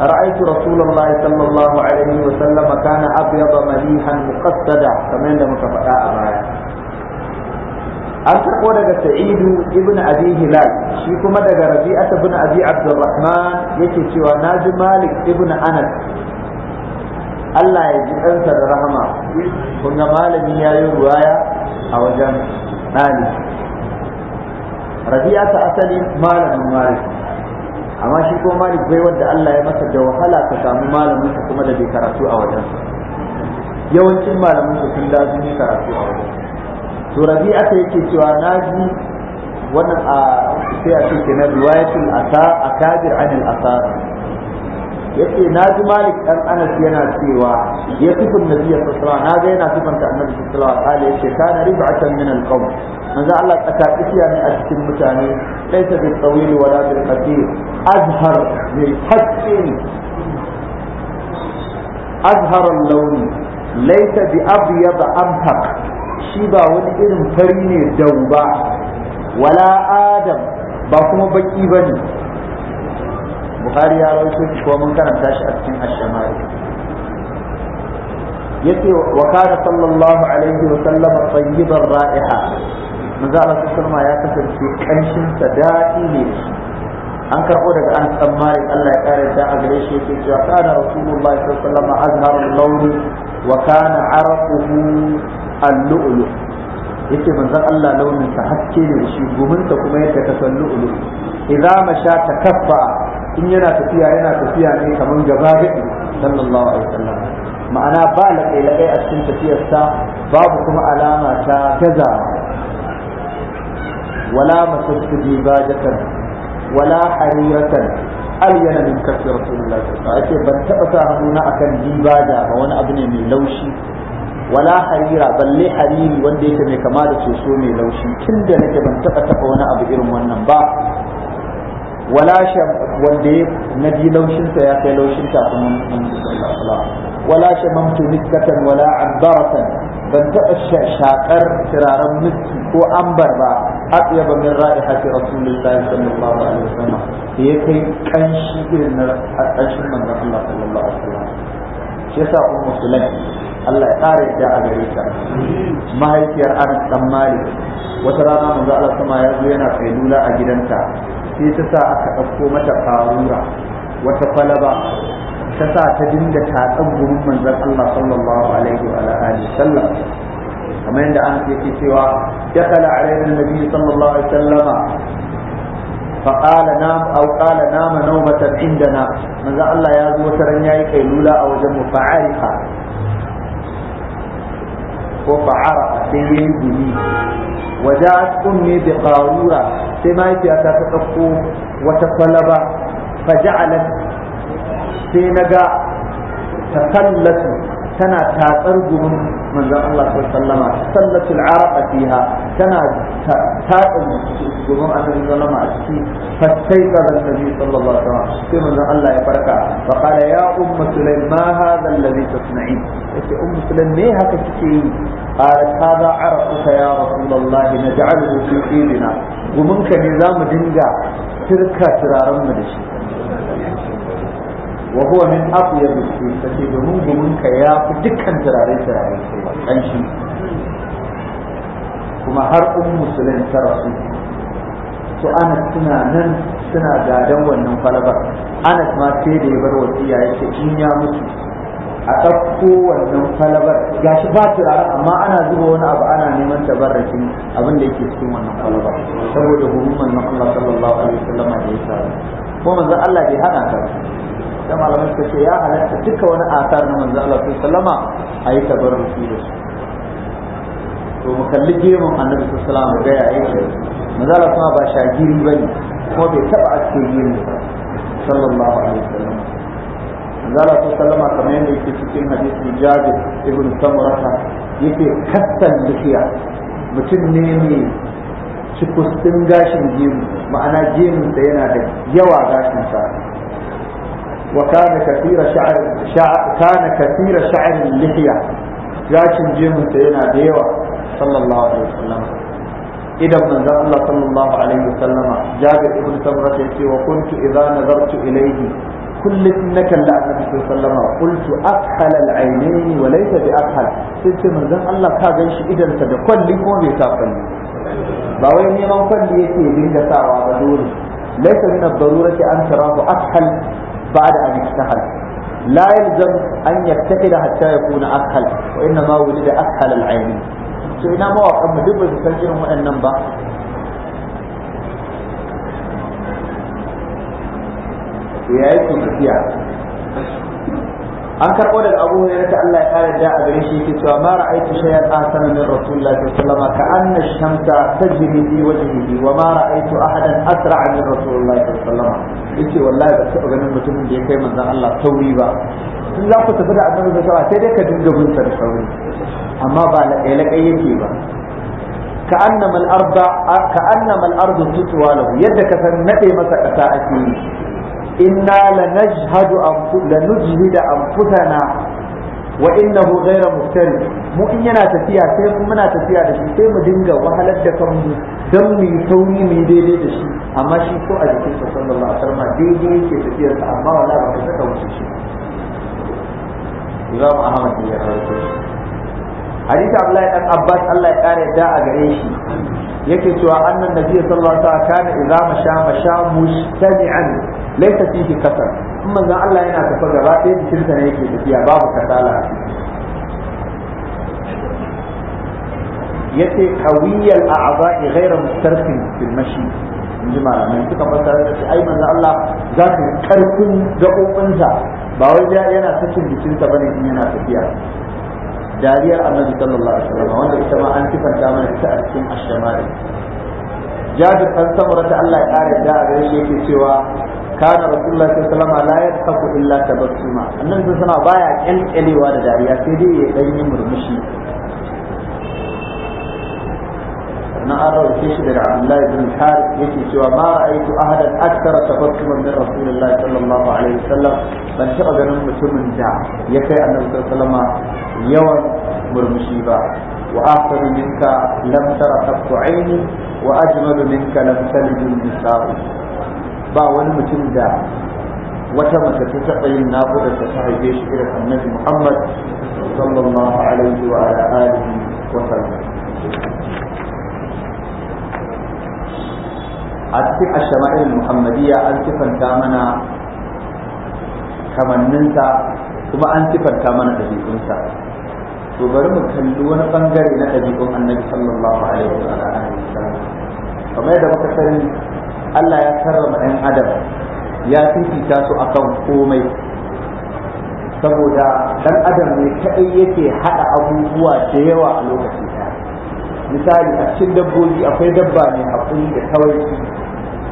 رأيت رسول الله صلى الله عليه وسلم كان أبيض مليحا مقصدا muka faɗa a أبايا an karɓo daga sa'idu ibn abi hilal shi kuma daga rabi'at ibn abi abdurrahman yake cewa naji malik ibn anas Allah ya ji ɗansa da rahama kun ga malami ya yi ruwaya a wajen malik rabi'a ta asali malamin malik amma shi ko malik bai wanda Allah ya masa da wahala ka samu malamin kuma da bai karatu a wajen yawancin malamin sun da karatu a wajen to rabi'ata yake cewa na naji wannan a sai a cikin na riwayatul asa a akabir anil asar yace naji malik dan anas yana cewa ya tuku nabi sallallahu alaihi wasallam ga yana sifanta annabi sallallahu alaihi wasallam yace kana rib'atan min alqawm manzo Allah tsaka tsakiya ne a cikin mutane laysa bil tawil wala bil qatir azhar bil hakkin azhar al-lawn laysa bi abyad amhaq shi ba wani irin fari ne dau ba wala adam ba kuma baki ba ne buhari ya rawaito shi ko mun karanta shi a cikin ashamari yace wa kana sallallahu alaihi wa sallam tayyibar ra'iha manzo Allah sallama ya kasance kanshin sa daɗi ne an karɓo daga an tsammari Allah ya kare da a gare shi yake cewa kana rasulullahi sallallahu alaihi wa sallam azharul launi wa kana araquhu al Yake manzon Allah launin sa haske ne shi gumin kuma yadda ka san lu'lu idza masha takaffa in yana tafiya yana tafiya ne kamar gaba gadi sallallahu alaihi wasallam ma'ana ba laƙai-laƙai a cikin tafiyarsa babu kuma alama ta gaza wala masassuji ba jakar wala hariratan alyana min kafi rasulullahi ta ake ban taɓa sa hannuna akan dibaja ba wani abu ne mai laushi wala harira balle hariri wanda yake mai kama da soso mai laushi tun da nake ban taba taba wani abu irin wannan ba wala sham wanda ya nabi laushin ya kai laushin ta kuma wala shamamtu miskatan wala abbaratan ban taba shakar turaren miski ko ambar ba atyaba min ra'ihati rasulillahi sallallahu alaihi wasallam da ya kai kanshi irin na kanshin manzon Allah sallallahu alaihi wasallam shi yasa ummu sulaim Allah ya ƙara yadda a gare ta mahaifiyar Anas dan Malik wata rana manzo Allah sama ya zo yana kailula a gidanta sai ta sa aka ɗauko mata farura wata kwalaba ta sa ta dinga tatsan gurin manzon Allah sallallahu alaihi wa alihi sallam kamar yadda an yake cewa dakala alaihi nabi sallallahu alaihi wasallama فقال نام او قال نام نومة عندنا من ذا الله يازو ياي وترنياي كيلولا أو جمع فعرق وفعرق سيين بني وجاءت أمي بقارورة سما يتأتى تقفو وتطلب فجعلت سينجا تقلت tana tatsar gumin manzon Allah sallama sallatul fiha tana tatsar gumin annabi sallama a ciki fastai qala annabi sallallahu alaihi wasallam sai manzon Allah ya farka fa qala ya ummu sulaim ma hadha alladhi tasna'in yace ummu sulaim me haka kike yi قالت هذا عرقك يا wa huwa min afyab shi kace domin gumin ka ya fi dukkan turare turare kanshi kuma har ummu sulaim ta rasu to ana suna nan suna gadan wannan kwalabar anas ma sai da ya bar wasiya yake in ya mutu a ɗauko wannan kwalabar gashi ba turare amma ana zuba wani abu ana neman tabarrakin abin da yake cikin wannan kwalabar saboda gumin manzon Allah sallallahu alaihi wasallam da ya sa ko manzon Allah bai hana ka da malamai suka ce ya halatta duka wani asar na manzo Allah sallama a yi rufi da su to mu kalli gemun annabi sallallahu alaihi wasallam ga yayi ke manzo Allah kuma ba shagiri bane kuma bai taba aske gemu ba sallallahu alaihi wasallam manzo Allah sallama kamar yadda yake cikin hadisi Jabir ibn Samurata yake kattan dukiya mutum ne mai cikustin gashin gemu ma'ana gemun da yana da yawa gashin sa وكان كثير شعر شعر كان كثير شعر اللحية لكن جيم تينا ديوة صلى الله عليه وسلم إذا من الله صلى الله عليه وسلم جابر بن سمرة وكنت إذا نظرت إليه كل إنك لا النبي صلى الله عليه وسلم قلت أكحل العينين وليس بأكحل قلت من ذن الله كاغنش إذا تدى كل مو بيتاقل باوي نيمان كل يتي بين دساوا بدوري ليس من الضرورة أن تراه أكحل بعد أن اشتهر لا يلزم أن يفتقد حتى يكون أكل وإنما ولد أكل العين سئنا مواقع مدبر تسجل وأن ننبع ya yi tafiya an karɓo daga abu hurairah ta Allah ya kare da a gare shi ke cewa ma ra'aytu shay'an ahsana min rasulillahi sallallahu alaihi wasallam ka anna shamsa tajri fi wajhihi wa ma ra'aytu ahadan asra'a min rasulillahi sallallahu alaihi wasallam yace wallahi ba taɓa ganin mutumin da ya kai manzon Allah sauri ba Tun za ku tafi da annabi sallallahu alaihi wasallam sai dai ka dinga bin sa da sauri amma ba laƙai-laƙai yake ba كأنما الأرض كأنما الأرض تطوى له masa سنتي a كساء inna lanajhadu lanujhida anfusana wa innahu ghayra muftari mu in yana tafiya sai mu muna tafiya da shi sai mu dinga wahalar da kanmu dan mu yi tauri mu yi daidai da shi amma shi ko a jikin sa sallallahu alaihi wasallam daidai yake tafiyar amma wala ba ta saka wuce shi Imam Ahmad ya rawaito shi hadisi Abdullahi dan Abbas Allah ya kare da a gare shi yake cewa annan nabi sallallahu laisa fihi kasar in manzon Allah yana tafi gaba ɗaya jikinsa ne yake tafiya babu kasala yace qawiyal a'dha'i ghayra mustarfin fil mashi inji malamai suka fassara da shi ai manzo Allah za su karfin gaɓoɓinsa ba wai da yana sakin jikinsa bane in yana tafiya dariyar annabi sallallahu alaihi wasallam wanda ita ma an sifanta mana ita a cikin ashamari jabir an samura Allah ya kare da a gare shi yake cewa kana rasulullahi sallallahu alaihi wasallam la yadhaku illa tabassuma annabi sallallahu baya kyalkyalewa da dariya sai dai ya dan yi murmushi na arauke shi da Abdullahi bin Harith yake cewa ma ra'aytu ahadan akthar tabassuman min rasulillahi sallallahu alaihi wa sallam ban taba ganin mutumin da ya kai annabi sallallahu alaihi yawan murmushi ba wa ahsanu minka lam tara qattu aini wa ajmalu minka lam talid nisa'u ba wani mutum da wata mace ta taɓa yin naƙuda ta ta haife shi irin annabi Muhammad sallallahu alaihi wa ala alihi wa sallam a cikin ashama'il muhammadiyya an sifanta mana kamanninsa kuma an sifanta mana ɗabi'unsa to bari mu kalli wani bangare na ɗabi'un annabi sallallahu alaihi wa alihi wa sallam kamar yadda muka sani Allah ya karrama ɗan adam ya fifita su a akan komai saboda ɗan adam ne kaɗai yake haɗa abubuwa da yawa a lokaci misali a cikin dabbobi akwai dabba mai haƙuri da kawai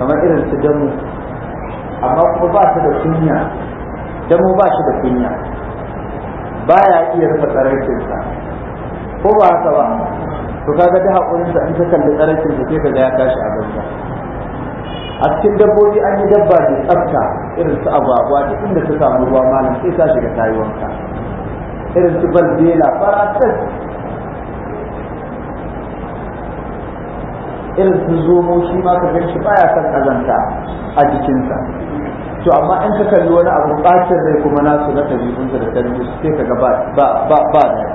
kamar irin su damu amma kuma ba su da kunya damu ba shi da kunya ya iya rufe tsaraicinsa ko ba haka ba to kaga ta haƙurinsa in ka kalli tsaraicinsa sai ka ga ya tashi a gaba a cikin dabbobi an yi dabba da tsafta irin su agwagwa da inda ta samu ruwa malam sai ta shiga tayuwanka irin su balbela faratas irin su zomo shi ma ka gan shi baya son kazanta a jikinsa to amma in ka kalli wani abu bacin rai kuma nasu na ɗabi'unsa da tarihi sai ka ga ba ba da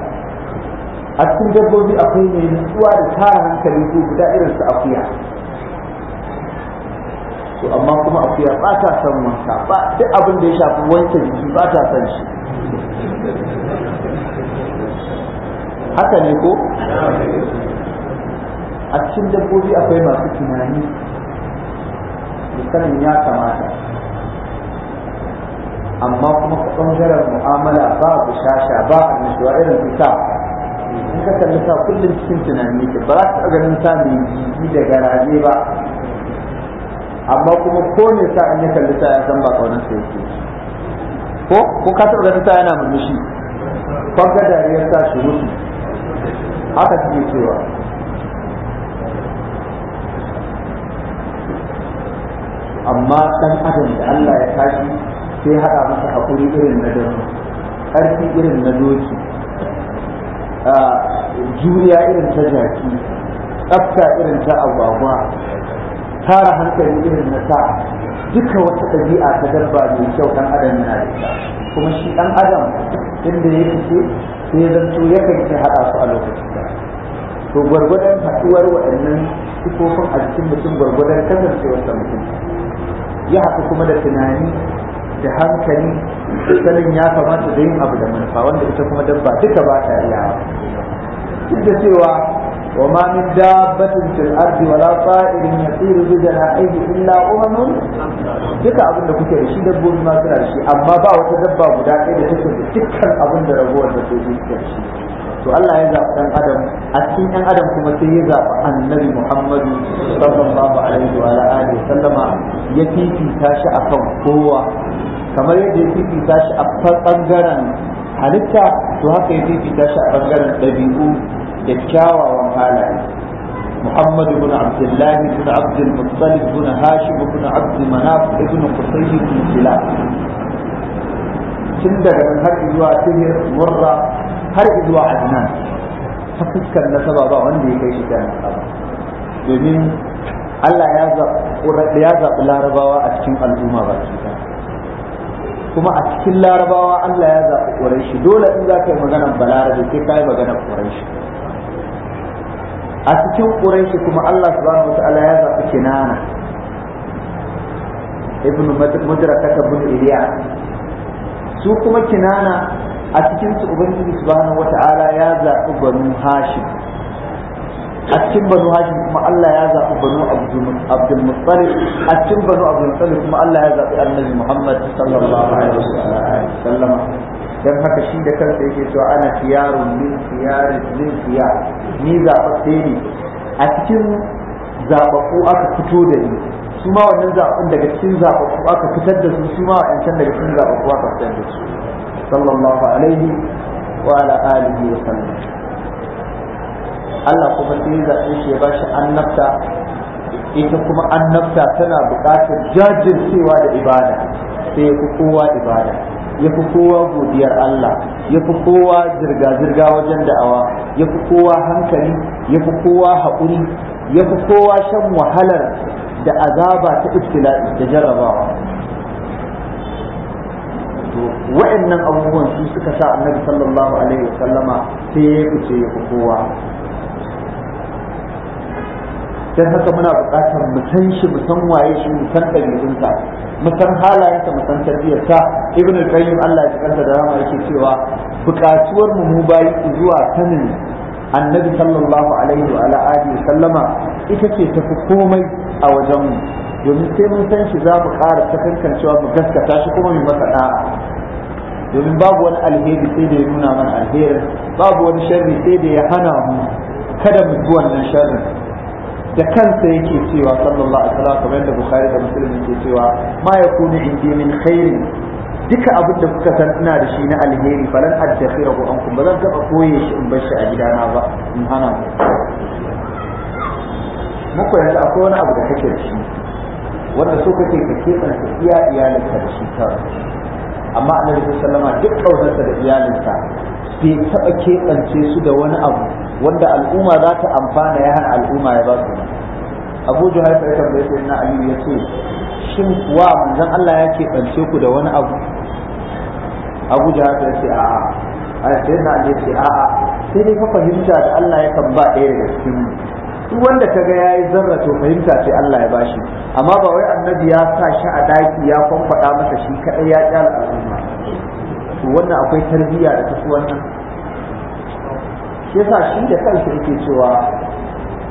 a cikin dabbobi akwai mai nutsuwa da tara hankali ko guda irin su akuya to amma kuma akuya ba ta son wanka ba duk abin da ya shafi wanke jiki ba ta son shi haka ne ko a cikin dabbobi akwai masu tunani misalin ya kamata amma kuma ta ɓangaren mu'amala ba shasha ba a nishuwa irin fita in ka kalli ta kullum cikin tunani ba za ka ganin ta mai jiki da garaje ba amma kuma ko ne sa an ya kalli sa ya san ba kaunar sa yake ko ko ka taɓa ganin sa yana murmushi kwanga dariyar sa shi mutu haka take cewa amma dan adam da Allah ya tashi sai haɗa masa hakuri irin na dan ƙarfi irin na doki juriya irin ta jaki tsafta irin ta agwagwa tara hankali irin na sa duka wata ɗabi'a ta dabba mai kyau ɗan adam yana da ita kuma shi ɗan adam inda ya fice sai ya zanto yakan ke haɗa su a lokacin da to gwargwadon haɗuwar waɗannan sifofin a cikin mutum gwargwadon wasu mutum ya haɗu kuma da tunani da hankali sanin ya kamata da yin abu da manufa wanda ita kuma dabba duka ba ta iya duk da cewa وما من دابة في الأرض ولا طائر يطير بجناحيه إلا أمم duka abin da kuke da shi dabbobi ma suna da shi amma ba wata dabba guda ɗaya da take da dukkan abin da ragowar dabbobi suke shi to Allah ya zaɓi ɗan adam a cikin ɗan adam kuma sai ya zaɓi annabi Muhammadu sallallahu alaihi wa alihi sallama ya fifita a akan kowa kamar yadda ya fifita shi a bangaren halitta to haka ya fifita shi a bangaren ɗabi'u da kyawawan halaye محمد بن عبد الله بن عبد المطلب بن هاشم بن عبد مناف بن قصي بن كلاب tun daga nan har zuwa sihir murra har zuwa adnan ta nasaba ba wanda ya kai shi da nasaba domin Allah ya zaɓi larabawa a cikin al'umma ba kuma a cikin larabawa Allah ya zaɓi ƙurai dole in za yi maganar balarabe sai ka yi maganar ƙurai a cikin ƙuraishi kuma Allah subhanahu wa ta'ala ya zafi kinana ibn mudrakata ibn iliya su kuma kinana a cikin su ubangiji subhanahu wa ta'ala ya zafi banu hashim a cikin banu hashim kuma Allah ya zafi banu abdul muttalib a cikin banu abdul muttalib kuma Allah ya zafi annabi muhammad sallallahu alaihi wa sallam dan haka shi da kansa yake cewa ana khiyarun min khiyarin min khiyar ni zaɓaɓɓe ne a cikin zaɓaɓɓu aka fito da ni su ma wannan zaɓen daga cikin zaɓaɓɓu aka fitar da su su ma wa'ancan daga cikin zaɓaɓɓu aka fitar da su sallallahu alaihi wa ala alihi wa sallam Allah kuma sai ya zaɓe shi ya ba shi annabta ita kuma annabta tana buƙatar jajircewa da ibada sai ya fi kowa ibada ya fi kowa godiyar Allah ya fi kowa zirga-zirga wajen da'awa ya fi kowa hankali ya fi kowa haƙuri ya fi kowa shan wahalar da azaba ta ibtila'i da jarrabawa wa'annan abubuwan su suka sa annabi sallallahu alaihi wasallama sai ya fice ya fi kowa dan haka muna buƙatar mu san shi mu san waye shi mu san ɗabi'unsa mu san halayensa mu san tarbiyarsa ibnu qayyim Allah ya kanta da rama yake cewa buƙatuwar mu mu bayi zuwa sanin annabi sallallahu alaihi wa alihi sallama ita ce tafi komai a wajen mu domin sai mun san shi za mu ƙara sakankancewa mu gaskata shi kuma mu masa da'a domin babu wani alheri sai da ya nuna mana alherin babu wani sharri sai da ya hana mu kada mu ji wannan sharrin da kansa yake cewa sallallahu alaihi wasallam kamar yadda bukhari da muslim yake cewa ma yakunu indi min khairin duka abin da kuka san ina da shi na alheri falan addakhirahu ankum bazan taba koye shi in bar shi a gidana ba in hana muku yanzu akwai wani abu da kake da shi wanda so kake ka keɓanta iya iyalinka da shi kawai amma annabi sallama duk ƙaunarsa da iyalinsa bai taɓa keɓance su da wani abu wanda al'umma za ta amfana ya hana al'umma ya ba su abu juhaif ya tambaye sai na aliyu ya ce shin kuwa manzon Allah ya ke ɗance ku da wani abu abu juhaif ya ce a'a a sai na aliyu ya ce a'a sai dai ka fahimta da Allah ya kan ba ɗaya daga cikin duk wanda ka ga yi zarra to fahimta ce Allah ya bashi amma ba wai annabi ya sa shi a daki ya kwamfada masa shi kadai ya kyal al'umma to wannan akwai tarbiyya da ta wannan yasa shi da kansa yake cewa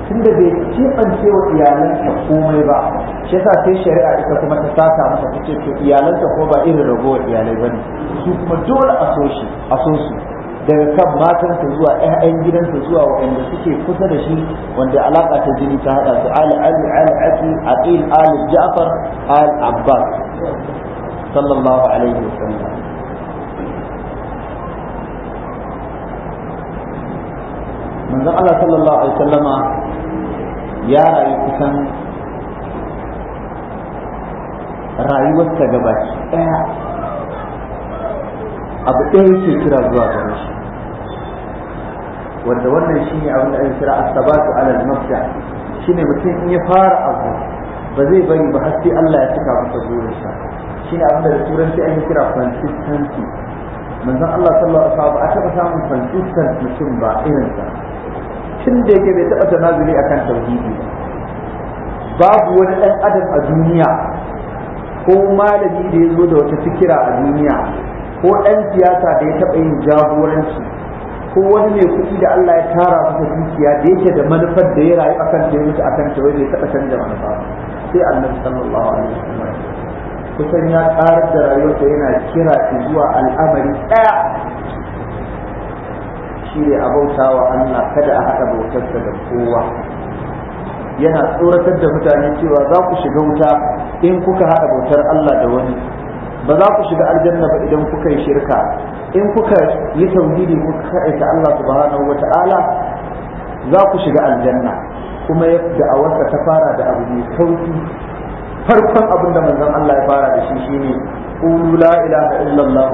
tunda bai keɓance wa iyalansa komai ba shi yasa sai shari'a ita kuma ta saka masa ta ce to iyalansa ko ba irin ragowar iyalai bane su kuma dole a so shi a so su daga kan matansa zuwa ƴaƴan gidansa zuwa waɗanda suke kusa da shi wanda alaƙa ta jini ta haɗa su ali ali ali aki aqil ali ja'far al abbas sallallahu alaihi wa sallam. من قال صلى الله عليه وسلم يا رئيسان رأيوة تقبش ايه اب ايه تكرا جواب رشي ودورنا شيء او ان يسرع الثبات على المبدع شيء بكين ان يفار ابو بذي بي بحثي الله اتكا بتبور الشاك شيء او ان يسرع ان يسرع فانسيستانتي من ذا الله صلى الله عليه وسلم اتكا بسامن فانسيستانت مشروع بعين الثاني tun da yake bai taɓa tanazuli akan tauhidi babu wani ɗan adam a duniya ko malami da ya zo da wata fikira a duniya ko ɗan siyasa da ya taɓa yin jagoranci ko wani mai kuɗi da Allah ya tara masa dukiya da yake da manufar da ya rayu akan da ya akan ta wai bai taɓa canza manufa sai annabi sallallahu alaihi wasallam kusan ya ƙarar da rayuwarsa yana kira zuwa al'amari ɗaya shine a bauta wa Allah kada a haɗa bautarsa da kowa yana tsoratar da mutane cewa za ku shiga wuta in kuka haɗa bautar Allah da wani ba za ku shiga aljanna ba idan kuka yi shirka in kuka yi tauhidi kuka kaɗaita Allah subhanahu wata'ala za ku shiga aljanna kuma yadda a wata ta fara da abu mai sauki farkon abin da manzon Allah ya fara da shi shine qulu la ilaha illallah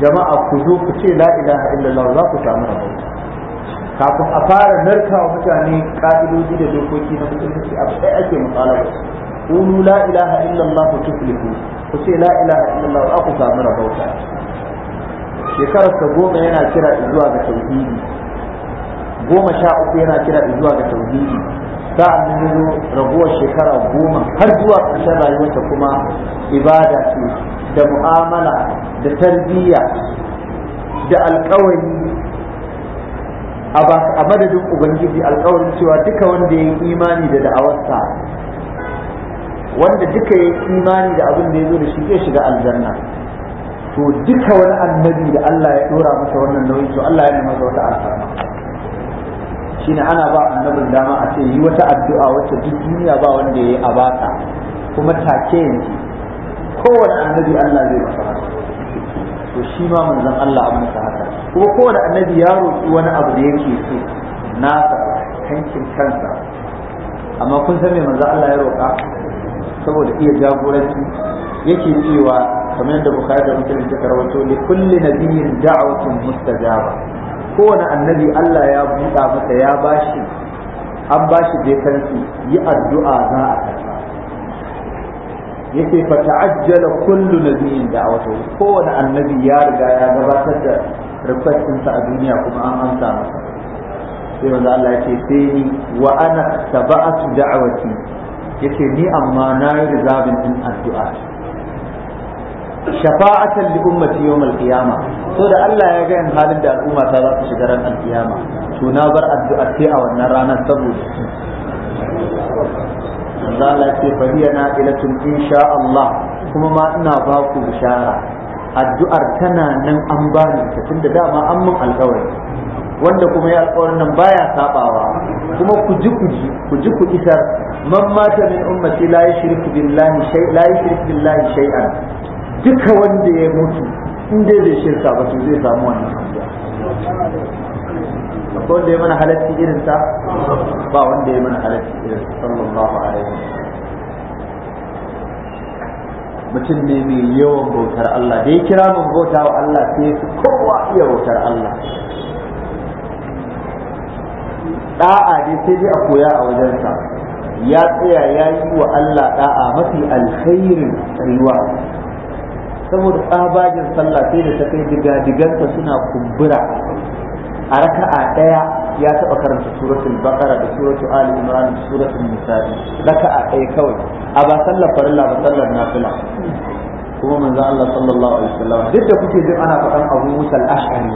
jama'a ku zo ku ce la ilaha illallah za ku samu rabo kafin a fara narka wa mutane ka'idoji da dokoki na musulunci a sai ake mutalaba qulu la ilaha illallah ku tuflihu ku ce la ilaha illallah za ku samu rabo shekarar ta goma yana kira zuwa ga tauhidi goma sha uku yana kira zuwa ga tauhidi sa'an da ya raguwar shekara goma har zuwa ƙarshen rayuwarsa kuma ibada ce da mu'amala da tarbiyya da alkawari a madadin ubangiji alkawarin cewa duka wanda ya yi imani da da'awarsa wanda duka ya yi imani da abin da ya zo da shi zai shiga aljanna to duka wani annabi da Allah ya dora masa wannan nauyi to Allah ya nemi masa wata alfarma shine ana ba annabin dama a ce yi wata addu'a wacce duk duniya ba wanda ya yi a baka kuma take yanzu kowane annabi Allah zai masa to shi ma manzon Allah a masa haka kuma kowane annabi ya roƙi wani abu da yake so nasa hankin kansa amma kun san me manzon Allah ya roƙa saboda iya jagoranci yake cewa kamar yadda Bukhari da Muslim suka rawaito li kulli nabiyyin da'watun mustajaba kowane annabi Allah ya buɗa masa ya bashi an bashi bekanci yi addu'a za a karɓa yake fa ta'ajjala kullu nabiyyin da'awatu kowane annabi ya riga ya gabatar da request ɗinsa a duniya kuma an amsa masa sai manzo Allah ce sai ni wa ana taba'atu da'awati yake ni amma na yi rizabin din addu'a shafa'atan li ummati yawmal qiyama so da Allah ya ga halin da al'umma ta za su shiga ran alkiyama to na bar addu'a ce a wannan ranar saboda Allah ya ce bayyana ila tun insha Allah kuma ma ina ba ku bishara addu'ar tana nan an bani ta tunda dama an mun alƙawari wanda kuma ya alƙawarin nan baya sabawa kuma ku ji ku ji ku ji ku isar man mata min ummati la yushriku billahi shay billahi shay'an duka wanda ya mutu in dai zai shirka ba to zai samu wannan akwai wanda ya mana halatti irin ta ba wanda ya mana halatti irin sallallahu alaihi wasallam mutum ne mai yawan bautar Allah da ya kira mun bauta wa Allah sai su kowa iya bautar Allah da'a dai sai dai a koya a wajensa ya tsaya ya yi wa Allah da'a mafi alkhairin rayuwa. saboda tsabagen sallah sai da ta kai diga-diganta suna kumbura a raka'a ɗaya ya taɓa karanta suratul baqara da suratul ali imran da suratul Raka raka'a ɗaya kawai a ba sallar farilla ba sallar nafila kuma manzo Allah sallallahu alaihi wasallam duk da kuke jin ana faɗan Abu Musa al-Ash'ari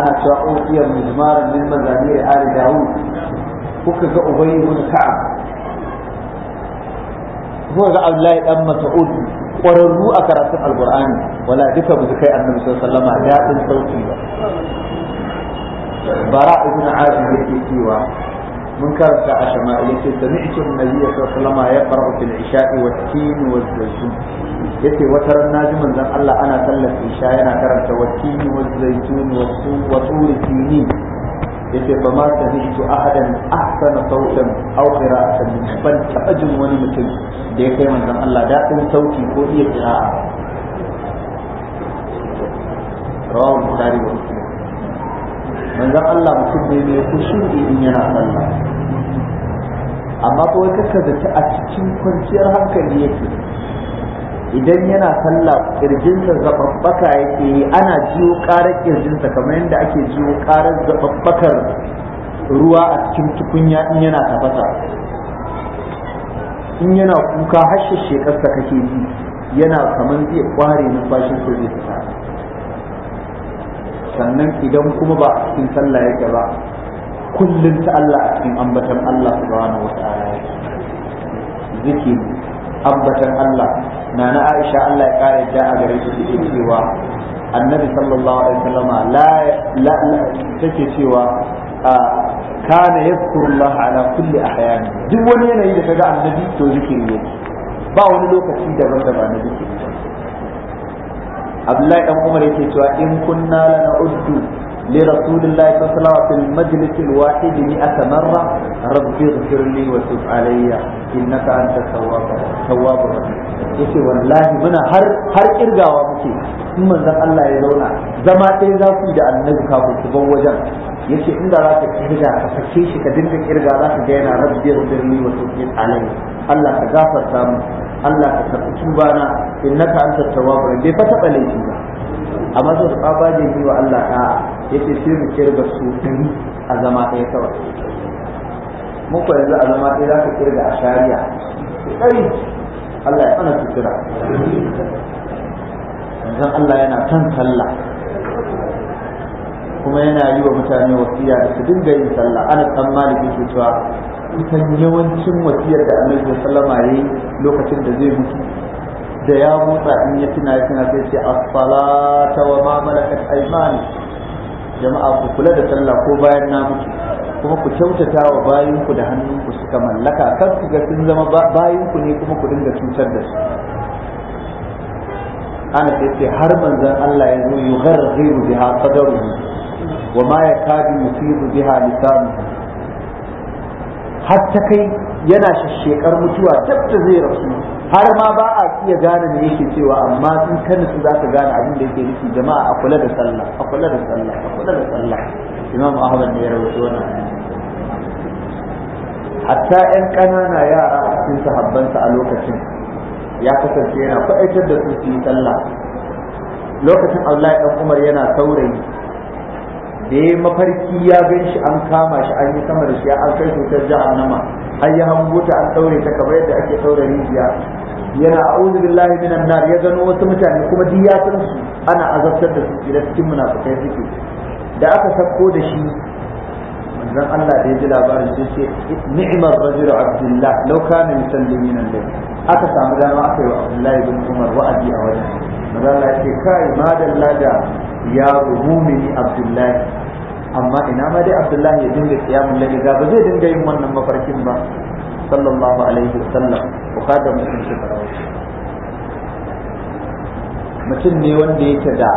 ana cewa uqiyar oh, mujmaran min mazamir ali daud kuka ga ubayyi mun ka'a, kuka ga Abdullahi dan mata'ud Kwararru a karatun alkur'ani wala duka ba kai annabi sallallahu alaihi daɗin sauki ba bara ibn azib yake cewa mun karanta a shama'il yace sami'tu an-nabiy sallallahu alaihi ya qara'u fil isha'i wa tin wa zaitun yace wata ran naji manzon Allah ana sallar isha yana karanta wa tin wa zaitun wa turi tinin yake ba ma ta zai ahadan ahsana sautan aw qira'atan ban ta ajin wani mutum da ya kai manzon Allah da sauti ko iya qira'a rawu bukhari wa manzon Allah mutum ne mai kushuri in yana sallah amma ko kaka da ta a cikin kwanciyar hankali yake idan yana sallah kirjinsa zababbaka yake yi ana jiwo karar kirjinsa kamar yadda ake jiwo karar zababbakar ruwa a cikin tukunya in yana tafasa in yana kuka har shekarsa kake ji yana kamar zai kware numfashin ko zai fita sannan idan kuma ba a cikin sallah yake ba kullum ta Allah a cikin ambatan Allah subhanahu wa ta'ala zikiri ambatan Allah na na aisha Allah ya kare da a gare su take cewa annabi sallallahu alaihi wasallama la la take cewa ah, kana yadhkurullah ala kulli ahyan duk wani yanayi da kaga annabi to zikiri ne ba wani lokaci daban da ba na zikiri Abdullahi dan Umar yake cewa in kunna uddu لرسول الله صلى الله عليه وسلم في المجلس الواحد مئة مرة رب اغفر لي وتب علي إنك أنت التواب التواب الرحيم yace wallahi muna har har kirgawa muke in manzon Allah ya zauna zama ɗaya za ku da annabi kafin ku bar wajen yace inda za ka kirga ka sake shi ka dinga kirga za ka ga yana rabbi rabbi wa tuqil alai Allah ka gafarta mu Allah ka tafi tubana innaka antat bai fa laifi ba amma zai tsaba ne wa Allah ta'a yace sai mu kirga su ɗari a zama ɗaya kawai muku yanzu a zama ɗaya za ka kirga a shari'a ɗari Allah ya tsana sutura yanzu Allah yana kan talla kuma yana yi wa mutane wasiya da su dinga yin sallah ana tsammani ke cewa kusan yawancin wasiyar da annabi ya yi lokacin da zai mutu da ya motsa in ya tuna ya tuna sai ce as-salata wa ma malakat jama'a ku kula da sallah ko bayan na mutu kuma ku kyautata wa bayinku da hannunku suka mallaka kar ku ga sun zama bayinku ne kuma ku dinga cutar da su ana ce har manzon Allah ya zo mu biya biha qadaruhu wa ma yakadu yusibu biha lisanuhu har ta kai yana shashshekar mutuwa duk da zai rasu har ma ba a iya gane me yake cewa amma in kana su za ka gane abin da yake nufi jama'a a kula da sallah a kula da sallah a kula da sallah imam ahmad ne ya rawaito wannan hatta 'yan ƙanana yara a cikin sahabbansa a lokacin ya kasance yana faɗaitar da su su yi sallah lokacin Allah ɗan Umar yana saurayi da ya mafarki ya gan shi an kama shi an yi sama da shi an kai cutar jahannama an ya hango ta an daure ta kamar yadda ake daure rijiya yana a'udhu billahi minan nar ya gano wasu mutane kuma duk ya san su ana azabtar da su da cikin munafikai suke da aka sako da shi manzon Allah da ya ji labarin sai ce ni'mar rajul abdullah law kana yusalli minan nar aka samu dama aka yi wa abdullahi bin umar wa'adi a wajen manzon Allah ya ce kai madalla da yaro mumini abdullahi amma ina ma dai abdullahi ya dinga kiyamun lalle ga ba zai dinga yin wannan mafarkin ba sallallahu alaihi wa sallam bukatar mutum shi mutum ne wanda yake da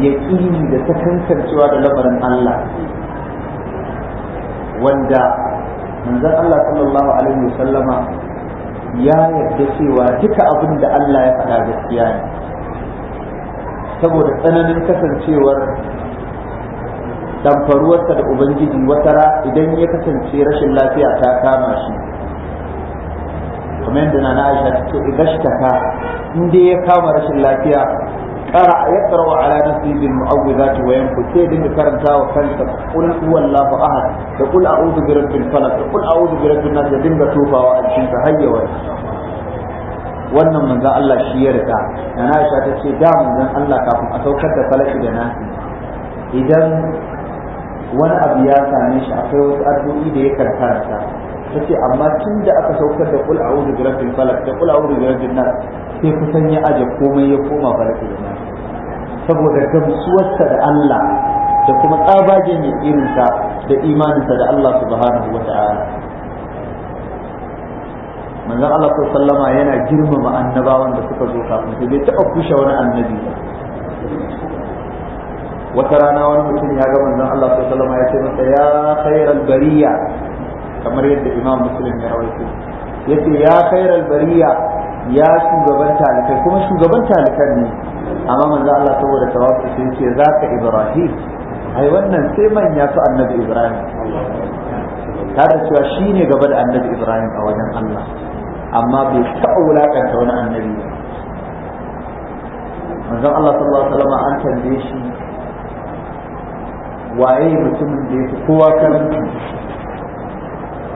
yaƙini da sakankancewa da lamarin Allah wanda manzon Allah sallallahu alaihi wa sallama ya yarda cewa duka abin da Allah ya faɗa gaskiya ne saboda tsananin kasancewar damfaruwarsa da ubangiji watara idan ya kasance rashin lafiya ta kama shi Kuma yadda na aisha ta ce idashtaka in dai ya kama rashin lafiya qara yaqra'u ala nafsihi bil mu'awwidhati wayan yanfu sai dinga karanta wa kansa qul huwallahu ahad da qul a'udhu bi rabbil falaq da qul a'udhu bi rabbin nas da dinga tufawa, a cikin sa hayyawa wannan manzon Allah shi ya rika na aisha ta ce da manzon Allah kafin a saukar da falaki da nasi idan wani abu ya same shi akwai wasu addu'o'i da ya karkarta ta ce amma tun da aka saukar da kul a'udhu bi rabbil falaq da kul a'udhu bi rabbin nas sai kusan ya aje komai ya koma falaq da nas saboda gamsuwarsa da Allah da kuma tsabagen ya irinsa da imaninsa da Allah subhanahu wa ta'ala manzon Allah sallallahu alaihi yana girmama annabawan da suka zo kafin sai bai taɓa kushe wani annabi ba wata rana wani mutum ya ga manzon Allah sallallahu alaihi wasallam ya ce masa ya khairal bariya kamar yadda Imam Muslim ya rawaito yace ya khairal bariya ya shugaban talikai kuma shugaban talikan ne amma manzon Allah saboda tawafu sai yace zaka Ibrahim ai wannan sai manya su Annabi Ibrahim kada cewa shine gaba da Annabi Ibrahim a wajen Allah amma bai taɓa wulaƙanta wani annabi ba manzon Allah sallallahu alaihi wasallam an tambaye shi waye mutumin da ya fi kowa karanci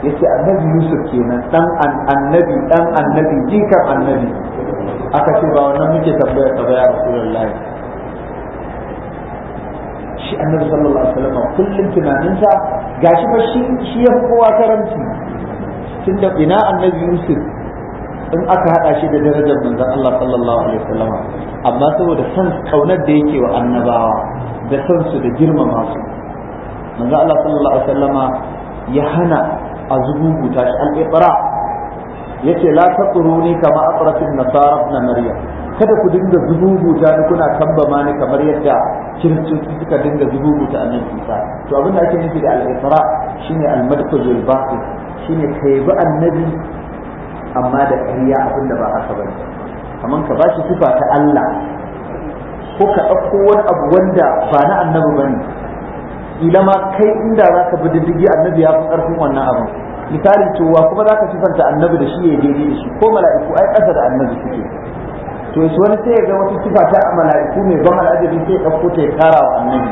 yace annabi yusuf kenan dan annabi dan annabi jikan annabi aka ce ba wannan muke tambaya ta ba ya rasulullahi shi annabi sallallahu alaihi wasallam kullum tunaninsa gashi ba shi shi ya kowa karanci tunda ina annabi yusuf in aka hada shi da darajar manzon Allah sallallahu alaihi wasallam amma saboda san kaunar da yake wa annabawa da sansu da girmama su manzo Allah sallallahu alaihi wasallama ya hana a zububuta shi al-iqra yace la taquruni kama aqratin nasara ibn maryam kada ku dinga zububuta ni kuna tambama ni kamar yadda kiristoci suka dinga zububuta annabi Isa to abinda ake nufi da al-iqra shine al-madkhulul batil shine kai bi annabi amma da ƙarya abin ba haka bane kamar ka bashi sifa ta Allah ko ka ɗauko wani abu wanda ba na annabi ba ne ila ma kai inda za ka bi diddigi annabi ya fi ƙarfin wannan abu misalin cewa kuma za ka sifanta annabi da shi ya daidai da shi ko mala'iku ai ƙasa da annabi suke to yasu wani sai ya ga wata sifa ta mala'iku mai ban al'ajabi sai ya ɗauko ta ya kara wa annabi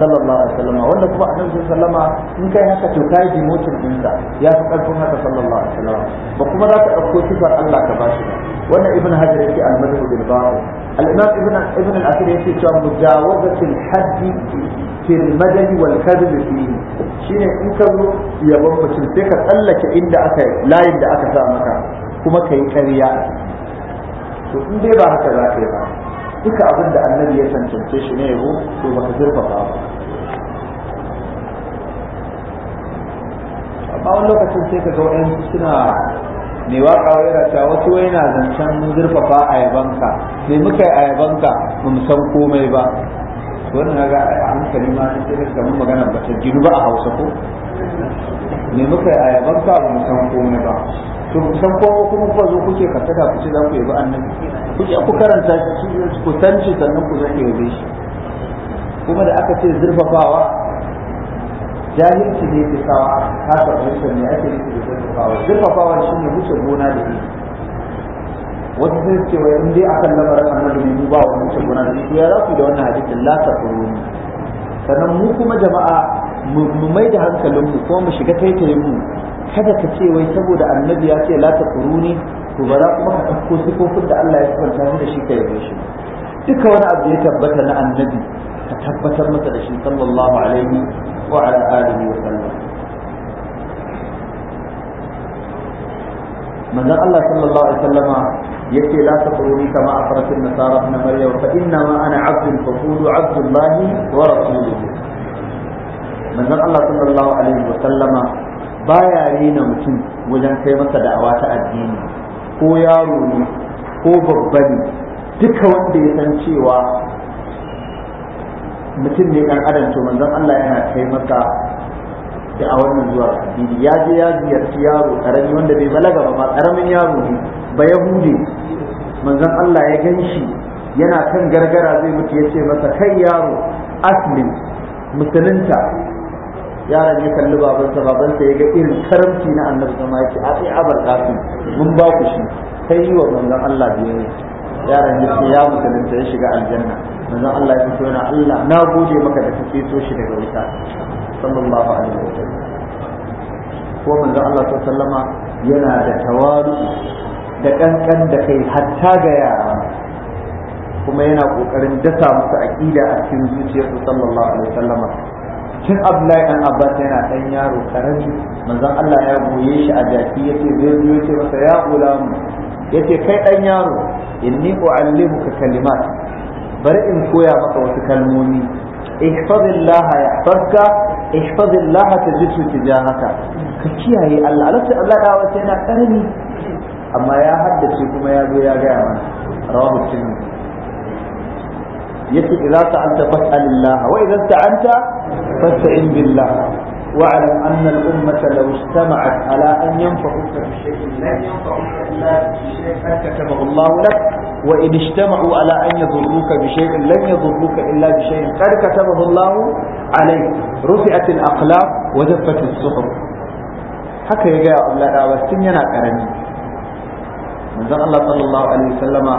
sallallahu alaihi wasallam wanda kuma annabi sallallahu alaihi wasallam in kai haka to kai demotion dinsa ya fi karfin haka sallallahu alaihi wasallam ba kuma za ka dauko sifar Allah ka bashi ba wannan ibn hajar yake al-madhhab bil ba'd al-imam ibn ibn al-akhir yake cewa mujawazatul haddi fil madad wal kadhib fihi shine in ka zo yabon mutum sai ka tsallake inda aka layin da aka sa maka kuma kai ƙarya to in dai ba haka za ka yi ba duka abin da annabi ya cancance shi ne yabo to ba ka zurfafa ba amma wani lokacin sai ka ga wani suna mai waka wa yana cewa wasu wai na zancen zurfafa a yabanka sai muka yi a yabanka ba mu san komai ba wannan ga a hankali ma sai ka ga magana ba ta gidu ba a Hausa ko me muka yi a yabanka ba mu san komai ba to san kowa kuma kuka zo kuke karkata ku ce za ku yabi annabi ku je ku karanta shi ku san shi sannan ku zo ku yabe shi kuma da aka ce zurfafawa jahilci ne ke sawa haka fahimtar ne ake nufi da zurfafawa zurfafawa shi ne wuce gona da ne wasu sai ce wai in dai akan lamarin annabi ne mu ba wa wuce gona da ne ya rafi da wannan hadisin la ta sannan mu kuma jama'a mu mai da hankalinmu ko mu shiga taitayinmu. kada ka ce wai saboda annabi ya ce la taquruni to ba za kuma ka ɗauko sifofin da Allah ya kwanta shi da shi ka yabe shi duka wani abu ya tabbata na annabi ka tabbatar masa da shi sallallahu alaihi wa ala alihi wa sallam manzon Allah sallallahu alaihi wa wasallama yace la taquruni kama afaratin nasara ibn maryam fa inna ma ana abdun fa qulu abdullahi wa rasuluhu manzon Allah sallallahu alaihi wa wasallama baya rena mutum wajen kai masa da'awa ta addini ko yaro ne ko babba ne duka wanda ya san cewa mutum ne dan adam to manzon Allah yana kai masa da a wannan zuwa addini ya je ya ziyarci yaro karami wanda bai balaga ba ba karamin yaro ne ba ya hude manzon Allah ya gan shi yana kan gargara zai mutu ya ce masa kai yaro aslim musulunta yaron ya kalli babansa babansa ya ga irin karamci na annabi zama yake a sai abar kafin mun ba ku shi kai yi wa manzon Allah biyayya yaron ya ce ya musulunta ya shiga aljanna manzon Allah ya fito na Allah na gode maka da kake so shi daga wuta sallallahu alaihi wasallam ko manzon Allah sallama yana da tawadu da kankan da kai hatta ga yara kuma yana kokarin dasa musu aqida a cikin zuciyarsu sallallahu alaihi wasallama tun abdullahi dan abbas yana dan yaro karami manzon Allah ya goye shi a jaki yace zai zo yace masa ya gulamu yace kai dan yaro inni uallimuka kalimat bari in koya maka wasu kalmomi ihfazillah yahfazka ihfazillah tajidhu tijahaka ka kiyaye Allah alaka Allah da wata yana karami amma ya haddace kuma ya zo ya gaya mana rawahu tirmidhi yace idza sa'alta fas'alillah wa ta ta'anta فاستعن بالله واعلم أن الأمة لو اجتمعت على أن ينفعوك بشيء لن ينفعوك إلا بشيء كتبه الله لك وإن اجتمعوا على أن يضروك بشيء لن يضروك إلا بشيء قد كتبه الله عليك رفعت الأقلام وزفت حكى haka ya gaya Allah tun yana karami manzon Allah sallallahu alaihi wasallama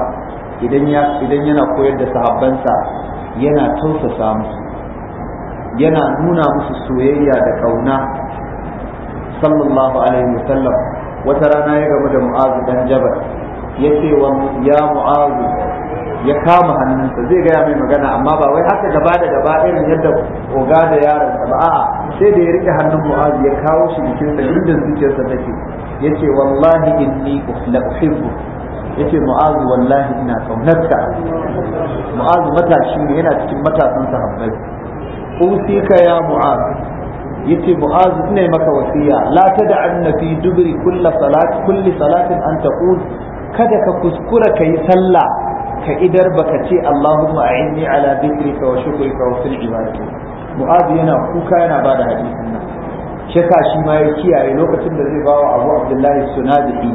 idan ya idan yana koyar da sahabbansa yana tausasa musu yana nuna musu soyayya da kauna sallallahu alaihi wasallam wata rana ya gaba da mu'azu dan jabal ya ce wa ya mu'azu ya kama hannunsa zai gaya mai magana amma ba wai haka gaba da gaba irin yadda oga da yaron ba a'a sai da ya rike hannun mu'azu ya kawo shi cikin inda zuciyarsa take ya ce wallahi inni la uhibbu ya ce mu'azu wallahi ina kaunarka mu'azu matashi ne yana cikin matasan sahabbai usika ya mu'az yace Mu'azu ina maka wasi'a. Lata da fi dubri kulli salatin an taqul kada ka kuskura kai sallah ka idar baka ce Allahumma a'inni ala dhikrika wa shukrika wa husni ibadati mu'az yana kuka yana bada hadisin nan shaka shima ya kiyaye lokacin da zai bawa Abu Abdullahi Sunadi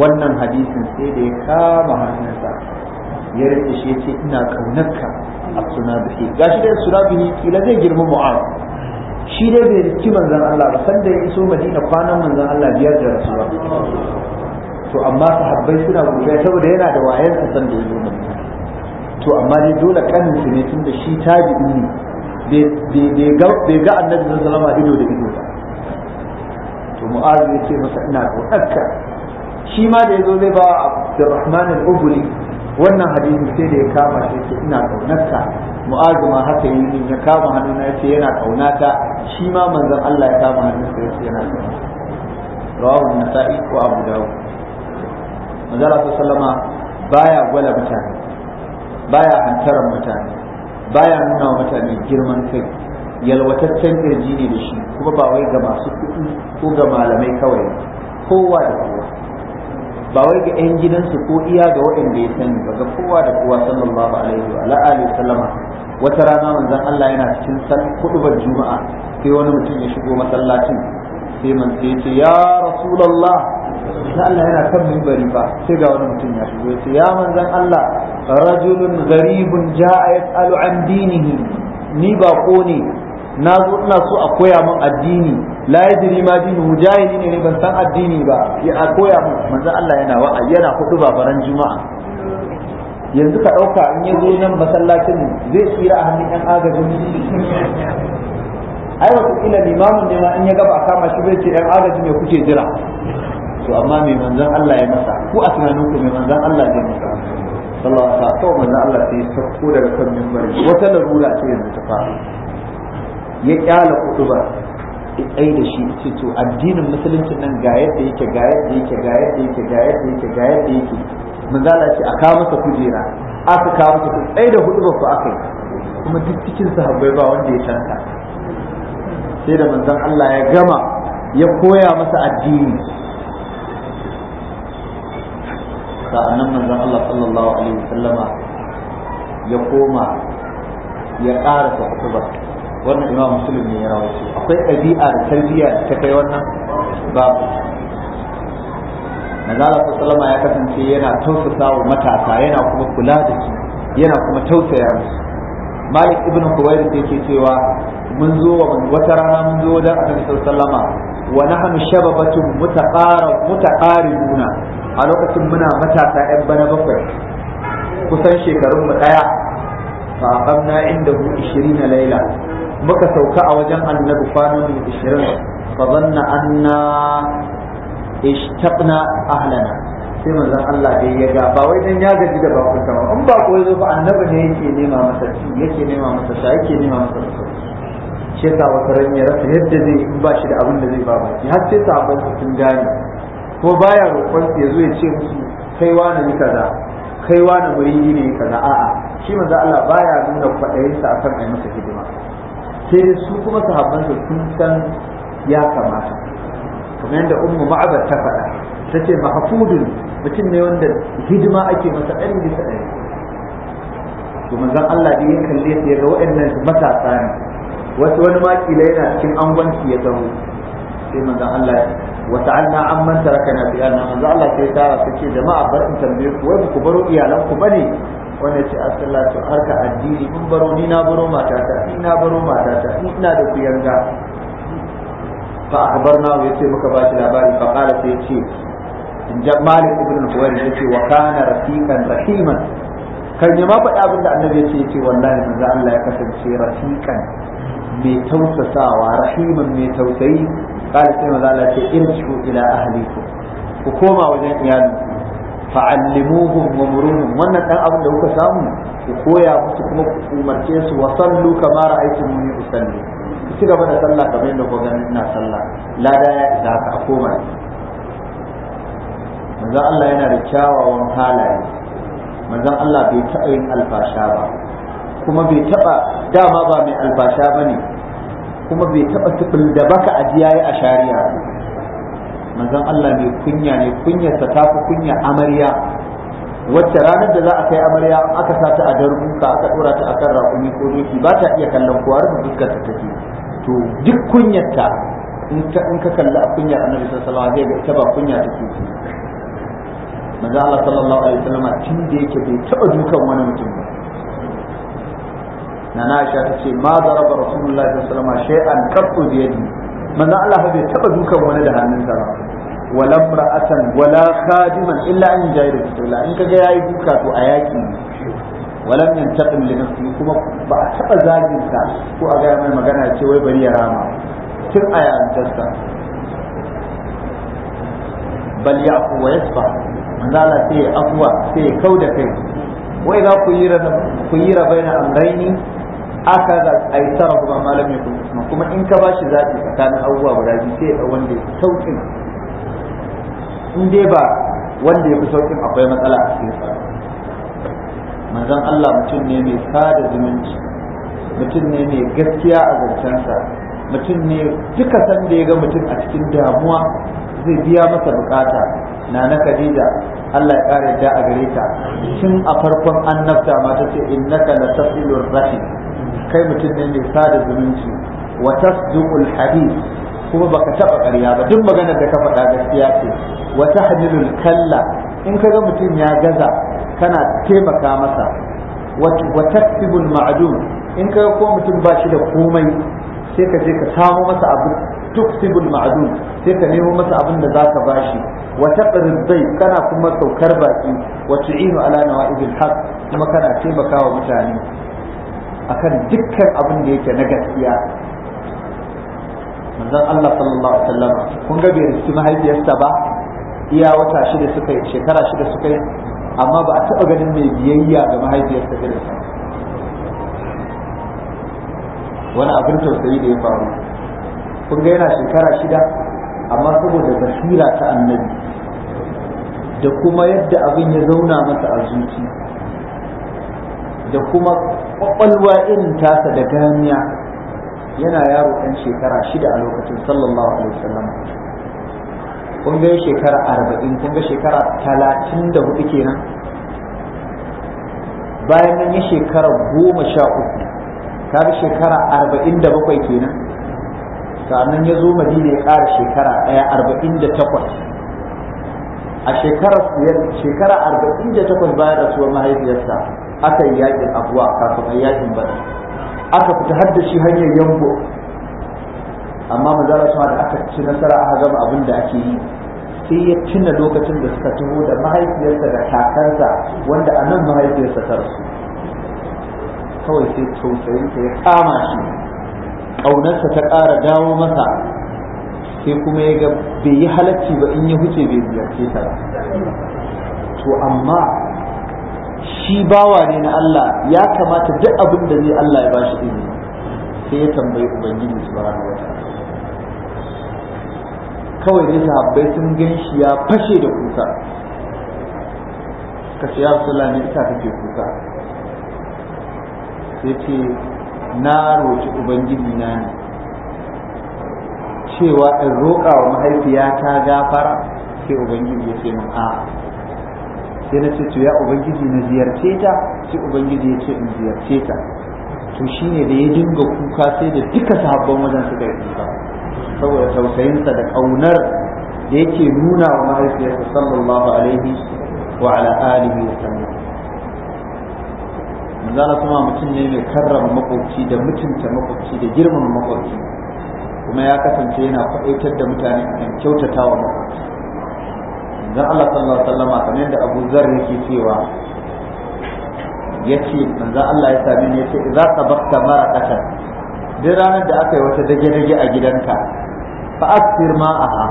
wannan hadisin sai da ya kama hannunsa ya rike shi ya ce ina kaunarka a sunabihi gashi da sunabihi kila zai girma mu'ad shi dai bai riki manzon Allah ba sanda ya iso Madina kwanan manzon Allah biyar da rasuwa to amma sahabbai suna gobe saboda yana da sa sanda ya zo Madina to amma dai dole kanin su ne tunda shi tabi'i ne bai ga annabi sallallahu alaihi ido da ido ba to mu'azu ya ce masa ina ɗaukar shi ma da ya zo zai ba Abdurrahman al-Ubuli wannan hadisi sai da ya kama shi ce ina kaunarsa mu'azu ma haka yi min ya kama hannuna yace yana kaunata shi ma manzon Allah ya kama hannunsa yace yana kaunata rawahu nasa'i ko abu dawud manzon Allah sallama baya gwala mutane baya hantaran mutane baya nuna wa mutane girman kai yalwataccen kirji ne da shi kuma ba wai ga masu kuɗi ko ga malamai kawai kowa da kowa ba wai ga 'yan gidansu ko iya ga waɗanda ya sani ba ga kowa da kowa sallallahu alaihi wa alihi sallama wata rana manzon Allah yana cikin san kudubar juma'a sai wani mutum ya shigo masallacin sai man sai ya ce ya rasulullah sai Allah yana kan mimbari ba sai ga wani mutum ya shigo ya ce ya manzon Allah rajulun gharibun ja'a yas'alu an dinihi ni ba ko ne na zo ina so a koya min addini la yadri ma dinu mujahidin ne ban san addini ba ya koya mu manzo Allah yana wa yana hudu babaran juma'a yanzu ka dauka in yazo nan masallacin zai tsira a hannun yan agajin ai wata kila limamin ne ma in ya gaba kama shi zai ce yan agajin ne kuke jira to amma mai manzon Allah ya masa ku a tunanin ku mai manzon Allah ya masa sallallahu alaihi wasallam manzon Allah sai ya sauko daga kan minbari wata larura ce yanzu ta faru ya kyala kutuba ya tsaye da shi ce to addinin musulunci nan ga yadda yake ga yadda yake ga yadda yake ga yadda yake ga yadda yake a ce a kawo masa kujera aka kawo masa ku tsaye da hudu ba ku aka yi kuma duk cikin sahabbai ba wanda ya tanka sai da manzon Allah ya gama ya koya masa addini sa'annan manzon Allah sallallahu alaihi wasallama ya koma ya ƙara sa wannan imam muslim ne ya rawaito akwai ɗabi'a da tarbiyya da ta kai wannan babu ta sallama ya kasance yana tausasa wa matasa yana kuma kula da su yana kuma tausaya musu malik ibn kuwait yake cewa mun zo wa wata rana mun zo da annabi sallama wa nahnu shababatun mutaqarib mutaqaribuna a lokacin muna matasa yan bana bakwai kusan shekarun mu daya فأقمنا عنده عشرين ليلة muka sauka a wajen annabi kwanan ishirin fazanna anna ishtaqna ahlana sai manzon Allah dai ya ga ba wai dan ya gaji da bakun ta in ba ko yazo ba annabi ne yake nema masa ci yake nema masa sha yake nema masa shi ta wata ran ya rasa yadda zai in ba shi da abin da zai ba baki har sai sabon sun gani. ko baya roƙon ya zo ya ce musu kai wani ni kaza kai wani muri ne kaza a'a shi manzo Allah baya nuna kwaɗayinsa akan ai masa hidima sai dai su kuma sahabbansa sun san ya kamata kamar yadda ummu ma'abar ta faɗa ta ce mahfudun mutum ne wanda hidima ake masa ɗari ta ɗaya. to manzon Allah da ya kalle su ya ga waɗannan matasa ne wasu wani ma kila yana cikin angwanci ya zama sai manzon Allah Allah وسألنا عن من تركنا ce jama'a bar in تكي ku بأن ku baro برو إيالانكو بني wanda ce asala ah, har harka addini mun baro ni na baro matata ni na baro matata ni ina da ku yarda fa akhbarna ya ce muka ba shi labari fa qala sai ce in ja malik ibn al ya ce wa kana rafiqan rahiman kan ya ma faɗi abin da annabi ya ce wallahi manzo Allah ya kasance rafiqan mai tausasawa rahiman mai tausayi qala sai manzo Allah ce irshu ila ahlikum ku koma wajen iyalinku fa'allimuhum wa muruhum wannan dan abin da kuka samu ku koya musu kuma ku umarce su wa sallu kama ra'aytum ni usalli ci gaba da sallah kamar yadda ku gani ina sallah lada ya isa ka a koma manzon Allah yana da kyawawan halaye manzon Allah bai taɓa yin alfasha ba kuma bai taɓa dama ba mai alfasha ba ne kuma bai taɓa tufil da baka ajiya a shari'a manzon Allah mai kunya ne kunyarsa ta fi kunya amarya wacce ranar da za a kai amarya aka sa ta a darbuka aka dora ta akan raƙumi ko doki ba ta iya kallon kowa rufe fuskar ta take to duk kunyarta in ka kalli a kunyar annabi sallallahu alaihi wasallam zai ita ba kunya take ce manzon Allah sallallahu alaihi wasallam tun da yake bai taba dukan wani mutum ba nana Aisha tace ma daraba rasulullahi sallallahu alaihi wasallam shay'an qattu bi yadihi manzon Allah ba bai taba dukan wani da hannunsa ba wala ra'atan wala khadiman illa an jayda bismillah in kaga yayi duka to a yaki walam yantaqim li nafsi kuma ba a taba zagin ka ko a ga mai magana ya ce wai bari ya rama tun a yarantarsa bal ya'fu wa yasfa manzo Allah sai afwa sai ya kauda kai wai za ku yi ku yi rabaina amraini aka ga aisara kuma malam ya kuma kuma in ka bashi zaɓi tsakanin abubuwa guda biyu sai ya wanda ya fi sauƙin in dai ba wanda ya fi sauƙin akwai matsala a cikin sa manzon Allah mutum ne mai sada zumunci mutum ne mai gaskiya a zancensa mutum ne duka san da ya ga mutum a cikin damuwa zai biya masa bukata na na Khadija Allah ya kare da a gare ta tun a farkon annabta ma ta ce innaka la tasilur rahim kai mutum ne mai sada zumunci wa tasdiqul hadith kuma baka taba ƙarya ba duk maganar da ka faɗa gaskiya ce wa tahmilul kalla in kaga mutum ya gaza kana taimaka masa wa taktibul ma'dum in kaga ko mutum ba shi da komai sai ka je ka samo masa abu tuktibul ma'dum sai ka nemo masa abin da zaka bashi wa taqrir bai kana kuma saukar baki wa tu'inu ala nawa'ibil haqq kuma kana taimakawa mutane akan dukkan abin da yake na gaskiya manzon Allah sallallahu alaihi wasallam kun ga bai riski mahaifiyarsa ba iya wata shida suka yi shekara shida suka yi amma ba a taɓa ganin mai biyayya ga mahaifiyarsa da wani abin tausayi da ya faru kun ga yana shekara shida amma saboda basira ta annabi da kuma yadda abin ya zauna masa a zuci da kuma kwakwalwa irin tasa da ganiya yana yaro ɗan shekara shida a lokacin sallallahu alaihi wasallam kun ga shekara arba'in kun ga shekara talatin da hudu kenan bayan nan ya shekara goma sha uku kaga shekara arba'in da bakwai kenan sannan ya zo madina ya ƙara shekara ɗaya arba'in da takwas a shekara arba'in da takwas bayan rasuwar mahaifiyarsa aka yi yakin abuwa kafin a yakin bada aka fita har da shi hanyar yanko amma manzara suna da aka ci nasara aka gama abin da ake yi sai ya tuna lokacin da suka taho da mahaifiyarsa da kakarsa wanda a nan mahaifiyarsa ta rasu kawai sai ta ya kama shi ƙaunarsa ta ƙara dawo masa sai kuma ya ga bai yi halacci ba in ya huce bai ziyarce ta ba to amma shi bawa ne na Allah ya kamata duk abin da zai Allah ya bashi izini sai ya tambayi ubangiji subhanahu wataala kawai ne sahabbai sun gan shi ya fashe da kuka ka ce ya Rasulullah ne ita kake kuka sai ce na roƙi ubangiji na ne cewa in roƙa wa mahaifiyata gafara sai ubangiji ya ce min a'a sai na ce to ya ubangiji na ziyarce ta sai ubangiji ya ce in ziyarce ta to shine da ya dinga kuka sai da duka sahabban wajen suka yi kuka saboda tausayinsa da kaunar da yake nuna wa mahaifiyarsa sallallahu alaihi wa ala alihi wa sallam manzala kuma mutum ne mai karrama makwabci da mutunta makwabci da girmama makwabci kuma ya kasance yana faɗaitar da mutane kan kyautata wa makwabci manzon Allah sallallahu alaihi wasallam kamar da Abu Zar yake cewa yace manzon Allah ya sami ne yace idza tabaqta maraqatan duk ranar da aka yi wata dage-dage a gidanka fa aksir ma'aha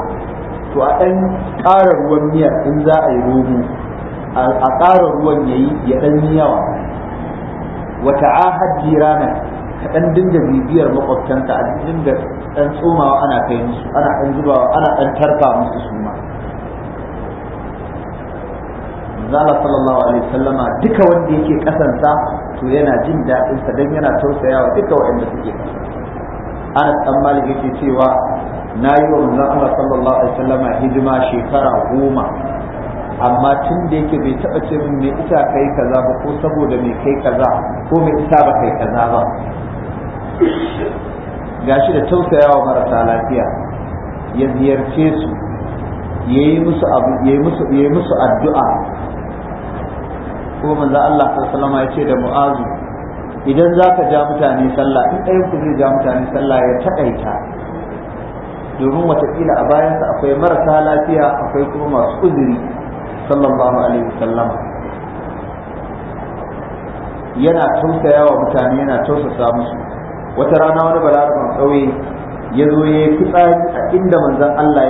to a dan ƙara ruwan miyar in za a yi rubu a ƙara ruwan yayi ya ɗan yawa wata ahad jirana ka ɗan dinga bibiyar makwabtanka a dinga ɗan tsomawa ana kai musu ana ɗan zubawa ana ɗan tarfa musu suma zala sallallahu alaihi duka wanda yake kasanta to yana jin daɗin sa dan yana tausayawa duka waɗanda suke Anas dan Malik yake cewa na yi wa manzon Allah sallallahu alaihi sallama shekara goma amma tun da yake bai taba ce min me isa kai kaza ba ko saboda me kai kaza ko me isa ba kai kaza ba gashi da tausayawa marasa lafiya ya ziyarce su yayi musu abu yayi musu yayi musu addu'a kuma manzo Allah sallallahu alaihi ya ce da mu'azu idan zaka ja mutane sallah in ɗayan ku zai ja mutane sallah ya taƙaita domin watakila a bayansa akwai marasa lafiya akwai kuma masu uzuri sallallahu alaihi wasallam yana tausaya wa mutane yana tausa tausasa musu wata rana wani balaraban ƙauye ya zo ya yi a inda manzon Allah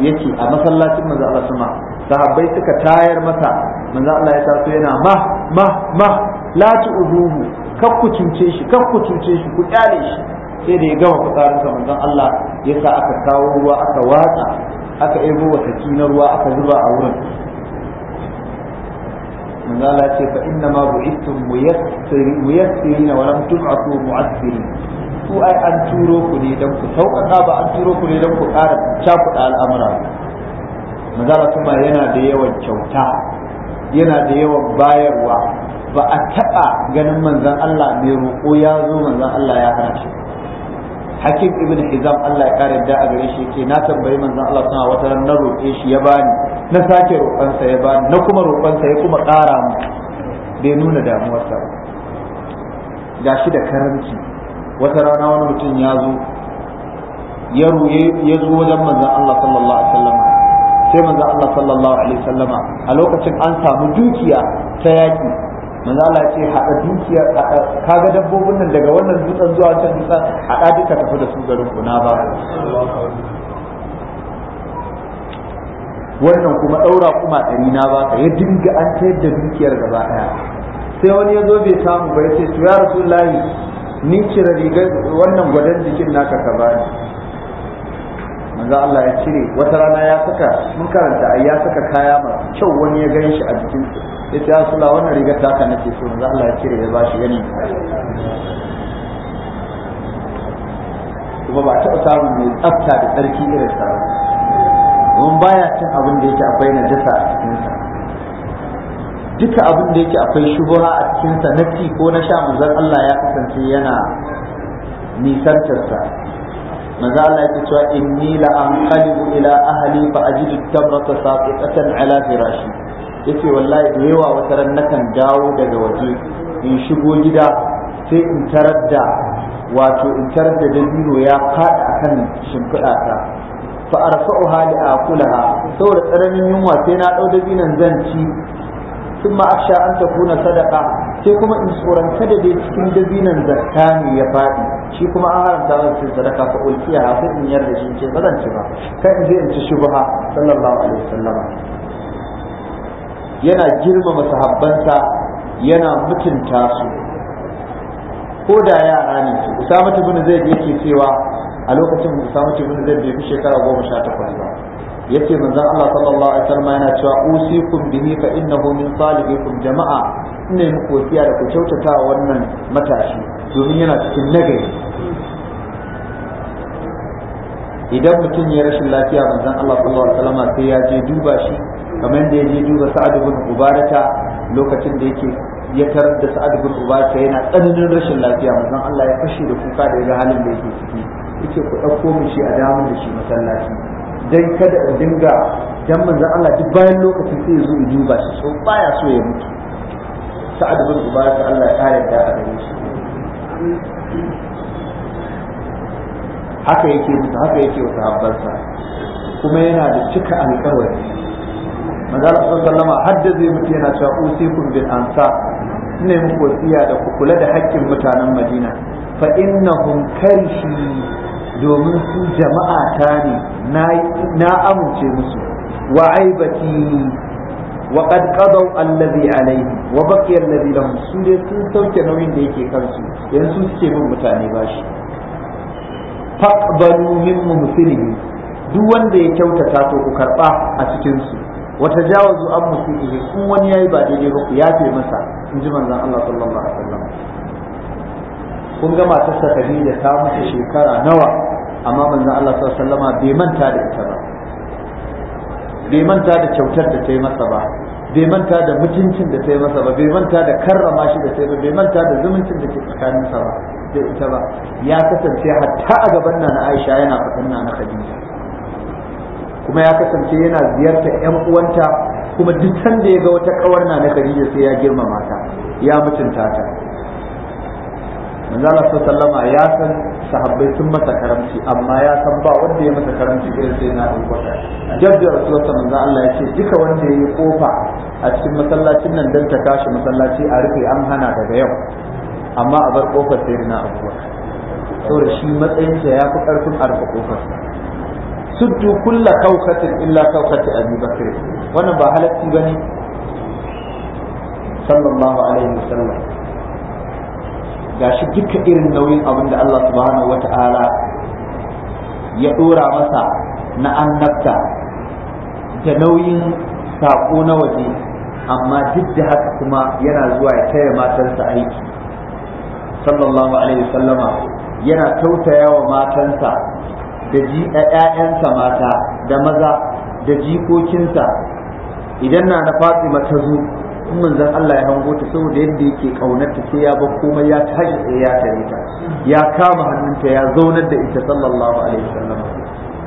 yake a masallacin manzon Allah sama sahabbai suka tayar masa manzo Allah ya taso yana ma ma ma la tu'duhu kar ku cuce shi kar ku cuce shi ku kyale shi sai da ya gama fitsarinsa manzon Allah ya sa aka kawo ruwa aka watsa aka ebo wataki na ruwa aka zuba a wurin manzo Allah ya ce fa inna ma bu'ithum muyassirina wa lam tub'athu mu'assirin ku ai an turo ku ne dan ku sauƙaƙa ba an turo ku ne dan ku ƙara cakuɗa al'amura manzo Allah kuma yana da yawan kyauta yana da yawan bayarwa ba a taɓa ganin manzan Allah mai roƙo ya zo manzan Allah ya hana shi hakim ibn hizam Allah ya kare da a gare shi ke na tambayi manzan Allah sana wata ran na roƙe shi ya bani na sake roƙonsa ya bani na kuma roƙonsa ya kuma ƙara mu bai nuna damuwarsa ga shi da karanci wata rana wani mutum ya zo ya zo wajen manzan Allah sallallahu alaihi wasallam sai manzo Allah sallallahu alaihi wasallama a lokacin an samu dukiya ta yaki manzo Allah ce hada dukiya kaga dabbobin nan daga wannan dutsen zuwa wancan dutsen hada duka tafi da su garin ku na ba wannan kuma daura kuma ɗari na ba ka ya dinga an tayar da dukiyar gaba daya sai wani ya zo bai samu ba ya ce to ya rasulullahi ni cire rigar wannan gwadan jikin naka ka bani manzo Allah ya cire wata rana ya saka mun karanta ai ya saka kaya masu kyau wani ya gan shi a jikin ya ce asula wannan rigar ka nake so manzo Allah ya cire ya bashi yani kuma ba taɓa samun mai tsafta da tsarki irin sa mun baya cin abin da yake akwai na jasa a cikin sa duka abin da yake akwai shubura a cikin sa na ci ko na sha manzo Allah ya kasance yana nisantar sa manzo Allah yake cewa inni la anqalibu ila ahli fa ajidu tabrata saqiqatan ala firashi yace wallahi da yawa wata ran kan dawo daga waje in shigo gida sai in tarar da wato in tarar da dabino ya faɗi akan shimfiɗa ta fa arfa'uha a kulaha. saboda tsananin yunwa sai na dau dabinan zan ci ثم أخشى أن تكون صدقة sai kuma in tsoron kada dai cikin dabinan zakka ne ya faɗi shi kuma an haramta wa cin sadaka fa ulkiya sai in da shi ce ba zan ci ba kai in je in ci shubha sallallahu alaihi wasallam yana girmama sahabbansa yana mutunta su ko da yara ne Usama ibn Zaid yake cewa a lokacin Usama ibn Zaid bai fi shekara goma sha takwas ba yace manzon Allah sallallahu alaihi wasallam yana cewa usikum bihi fa innahu min salihikum jama'a ina yi muku wasiya da ku kyautata wannan matashi domin yana cikin nagari idan mutum ya rashin lafiya manzon Allah sallallahu alaihi wasallam sai ya je duba shi kamar da ya je duba Sa'ad ibn Ubarata lokacin da yake ya tarar da Sa'ad ibn Ubarata yana tsananin rashin lafiya manzon Allah ya fashe da kuka da ga halin da yake ciki yake ku ɗauko mu shi a damar da shi masallaci dan kada in dinga dan manzo Allah duk bayan lokaci sai ya zo in duba shi so baya so ya mutu sa'ad bin ubayda Allah ya kare da a gare shi haka yake mutu haka yake wa sahabbansa kuma yana da cika alƙawari manzo Allah sallallahu alaihi hadda zai mutu yana cewa usikum bil ansa ne muku wasiya da ku kula da haƙƙin mutanen Madina fa innahum karshi domin su jama'a ta ne na amince musu wa aibati wa qad allazi alayhi wa baqiya allazi lahum su dai sun sauke nauyin da yake kansu yanzu suke min mutane ba shi faqbalu min mumsilihi duk wanda ya kyautata to ku karba a cikin su wa tajawazu an musiihi kun wani yayi ba daidai ba ku yafe masa in ji manzon Allah sallallahu alaihi wasallam kun ga matar ta ta mutu shekara nawa amma manzon Allah sallallahu alaihi bai manta da ita ba bai manta da kyautar da ta yi masa ba bai manta da mutuncin da ta yi masa ba bai manta da karrama shi da ta yi ba bai manta da zumuncin da ke sa ba da ita ba ya kasance hatta a gaban na Aisha yana faɗin na na Khadija kuma ya kasance yana ziyartar ƴan uwanta kuma duk sanda ya ga wata kawar na na Khadija sai ya girmama ta ya mutunta ta manzo Allah sallama ya san sahabbai sun masa karamci amma ya san ba wanda ya masa karamci irin sai na Abu Bakar jaddi Rasulullah manzo Allah ya ce duka wanda yayi kofa a cikin masallacin nan dan ta kashi masallaci a rufe an hana daga yau amma a bar kofar sai na Abu Bakar shi matsayin sa ya fi karfin arfa kofar suddu kulla kaukatin illa kaukati Abi bakr wannan ba halatti bane sallallahu alaihi wasallam gashi duka irin nauyin abin da Allah subhanahu ta’ala ya ɗora masa na annabta da nauyin saƙo na waje amma duk da haka kuma yana zuwa ya taya matansa aiki sallallahu alaihi wasallama yana tausaya wa matansa da ji ‘ya'yansa mata da maza da jikokinsa idan na na fatima ta zo in manzon Allah ya hango ta saboda yadda yake kaunar ta sai ya ba komai ya tashi sai ya tare ta ya kama hannunta ya zaunar da ita sallallahu alaihi wasallam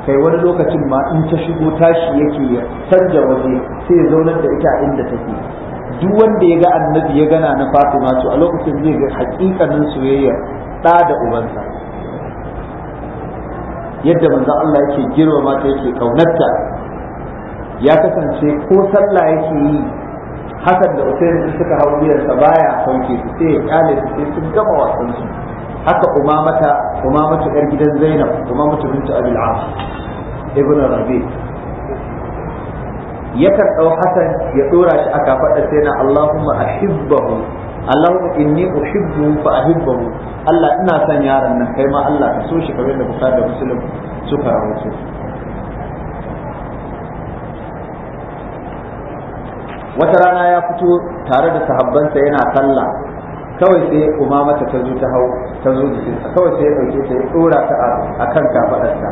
kai wani lokacin ma in ta shigo tashi yake ya canja waje sai ya zaunar da ita inda take duk wanda ya ga annabi ya gana na Fatima to a lokacin zai ga hakikanin soyayya da da ubansa yadda manzon Allah yake girmama ta yake kaunarta ya kasance ko sallah yake yi hakan da sun suka hau sa baya sauke su sai ya kyale su sai sun gama wasan su haka umamata umamatu yar gidan zainab umamatu bintu abul as ibn rabi yakan dau hasan ya dora shi aka faɗa sai na allahumma ahibbahu allahumma inni uhibbu fa ahibbahu allah ina son yaron nan kai ma allah ka so shi kamar da bukhari da muslim suka rawaito wata rana ya fito tare da sahabbansa yana sallah kawai sai umamata ta zo ta hau ta zo jikinsa kawai sai ya dauke ta ya dora ta a kan kafadarsa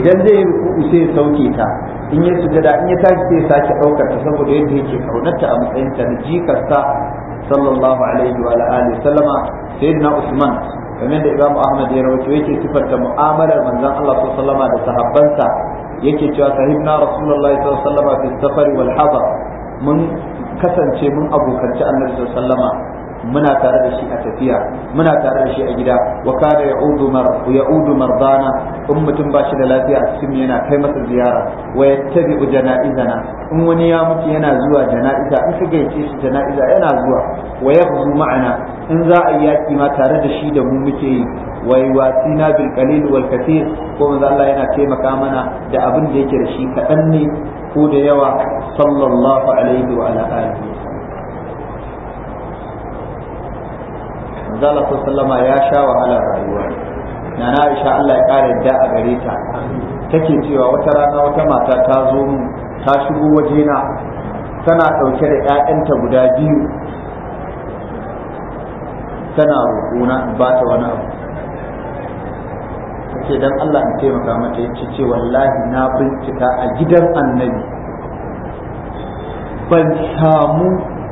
idan zai yi ruku'u sai ya sauke ta in ya sujada in ya tashi sai ya sake daukar ta saboda yadda yake kaunarta a matsayin ta na jikarsa sallallahu alaihi wa alihi sallama sayyidina usman kamar da imam ahmad ya rawaito yake sifarta mu'amalar manzon Allah sallallahu alaihi da sahabbansa yake cewa sahibna rasulullahi sallallahu alaihi Sallama fi safari wal hadar mun kasance mun abokanci annabi sallama muna tare da shi a tafiya muna tare da shi a gida wa kada ya'udu mar ya'udu mardana in mutum ba shi da lafiya a cikin yana kai masa ziyara wa yattabi'u jana'izana in wani ya mutu yana zuwa jana'iza in ka gaice shi jana'iza yana zuwa wa yaghzu ma'ana in za a yi yaki ma tare da shi da mu muke yi wa yuwasina bil qalil wal ko manzo Allah yana taimaka mana da abin da yake da shi kaɗan ne ko da yawa sallallahu alaihi wa ala alihi manzo Allah sallama ya sha wahalar rayuwa na na Aisha Allah ya ƙara yadda a gare ta take cewa wata rana wata mata ta zo mu ta shigo wajena tana ɗauke da 'ya'yanta guda biyu tana rukuna in ba ta wani abu ce dan Allah in taimaka mata yace ce wallahi na bincika a gidan annabi ban samu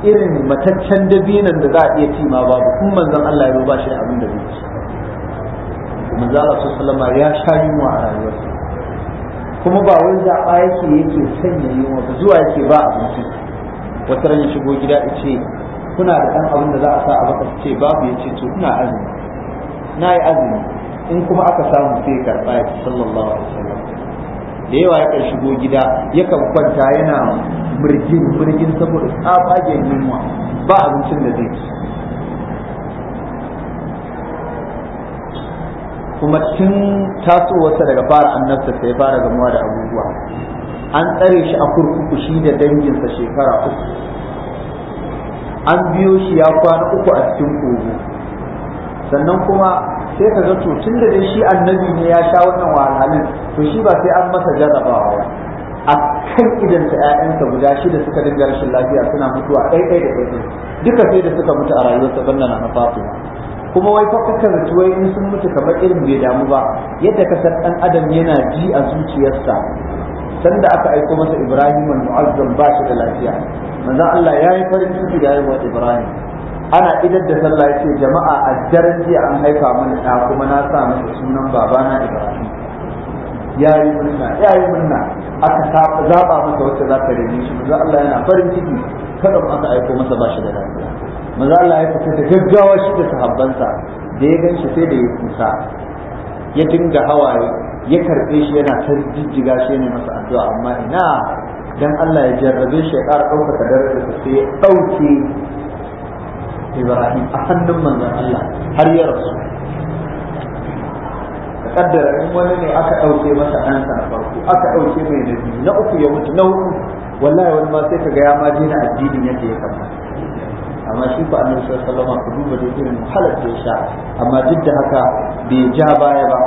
irin mataccen dabinan da za a iya cima ba. Kuma kun manzon Allah ya ba shi da abin da zai ci manzo Allah sallama ya sha yunwa a rayuwarsa kuma ba wai zaɓa yake yake sanya yunwa ba zuwa yake ba abinci wata ran shigo gida ce kuna da ɗan abin da za a sa a baka ce babu ya ce to ina azumi na yi azumi in kuma aka samu sai karɓa ya sallallahu alaihi wasallam da yawa ya yakan shigo gida ya kan kwanta yana murgin murgin saboda tsabagen yunwa ba abincin da zai ci kuma tun tasowarsa daga fara annabta sai fara gamuwa da abubuwa an tsare shi a kurkuku shi da danginsa shekara uku an biyo shi ya kwana uku a cikin kogo sannan kuma sai ka zato tun da shi annabi ne ya sha wannan wahalhalin to shi ba sai an masa jarrabawa ba. a kan idanta ‘ya'yansa guda shida suka dinga rashin lafiya suna mutuwa ɗaiɗai da ɗaiɗai duka sai da suka mutu a rayuwarsa banda na fatima kuma wai fa kakan tuwai in sun mutu kamar irin bai damu ba yadda kasar ɗan adam yana ji a zuciyarsa can da aka aiko masa Ibrahim al-Mu'azzam ba shi da lafiya manzo Allah yayi farin ciki da wa Ibrahim ana idar da sallah yace jama'a a daren jiya an haifa mana da kuma na sa masa sunan babana Ibrahim yayi murna yayi murna aka zaba masa wacce za ta rene shi manzo Allah yana farin ciki kada aka aiko masa ba shi da lafiya manzo Allah ya fita da gaggawa shi da sahabbansa da ya gan shi sai da ya kusa ya dinga hawaye ya karɓe shi yana ta jijjiga shi ne masa addu'a amma ina dan Allah ya jarrabe shi ya ƙara ɗaukaka darajarsa sai ya ɗauke Ibrahim a hannun manzon Allah har ya rasu kaddara in wani ne aka ɗauke masa ɗansa na farko aka ɗauke mai na biyu na uku ya mutu na uku wallahi wani ma sai ka ga ya ma na addinin yadda ya kamata amma shi ba annabi sallallahu alaihi wasallam ku duba da irin halar da ya sha amma duk da haka bai ja baya ba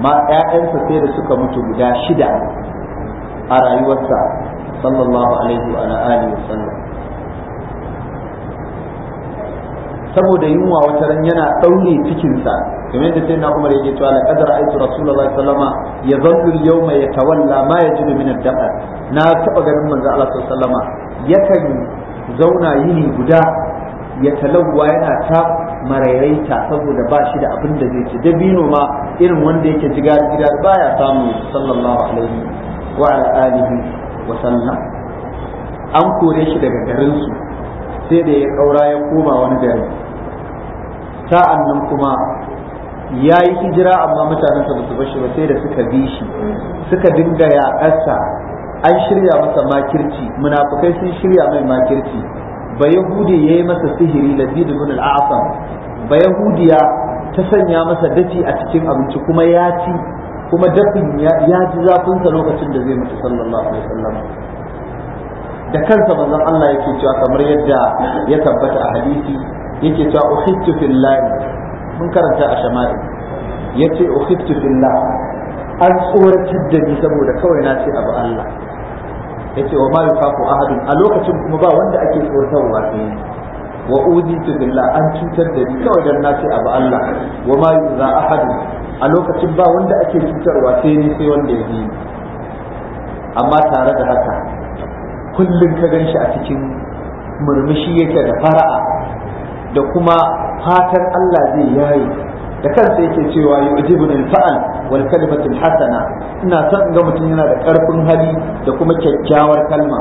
ma ƴaƴansa sai da suka mutu guda shida a rayuwarsa sallallahu alaihi wa alihi wasallam saboda yunwa wata ran yana daure cikinsa kamar da sai na umar yake cewa la qadara aitu rasulullahi sallama ya zallu yawma yatawalla ma yajidu min ad-dahr na taba ganin manzo Allah sallama yakan zauna yini guda ya talawwa yana ta marairaita saboda ba shi da abin da zai ci bino ma irin wanda yake jigar jigar baya samu sallallahu alaihi wa alihi wa sallam an kore shi daga garin su sai da ya kaura ya koma wani gari sa'an nan kuma ya yi hijira amma mutanen sa su bashi ba sai da suka bi shi suka dinga ya ƙasa. an shirya masa makirci munafukai sun shirya mai makirci ba yahudi ya yi masa sihiri lazid ibn al-a'sam ba yahudiya ta sanya masa dafi a cikin abinci kuma ya ci kuma dafin ya ji zafinsa lokacin da zai mutu sallallahu alaihi wasallam da kansa manzon Allah yake cewa kamar yadda ya tabbata a hadisi yake cewa uhittu fillah mun karanta a shama'i yace uhittu fillah an tsoratar da ni saboda kawai na ce abu Allah yace wa ma yufaku ahadin a lokacin kuma ba wanda ake tsoratarwa sai wa uzitu billah an cutar da ni kawai dan na a abu Allah wa ma yuza a lokacin ba wanda ake cutarwa sai ni sai wanda ya amma tare da haka kullum ka ganshi shi a cikin murmushi yake da fara'a da kuma fatan Allah zai yayi da kansa yake cewa yu'jibun al-fa'al wal kalimatu al-hasana ina son ga mutum yana da karfin hali da kuma kyakkyawar kalma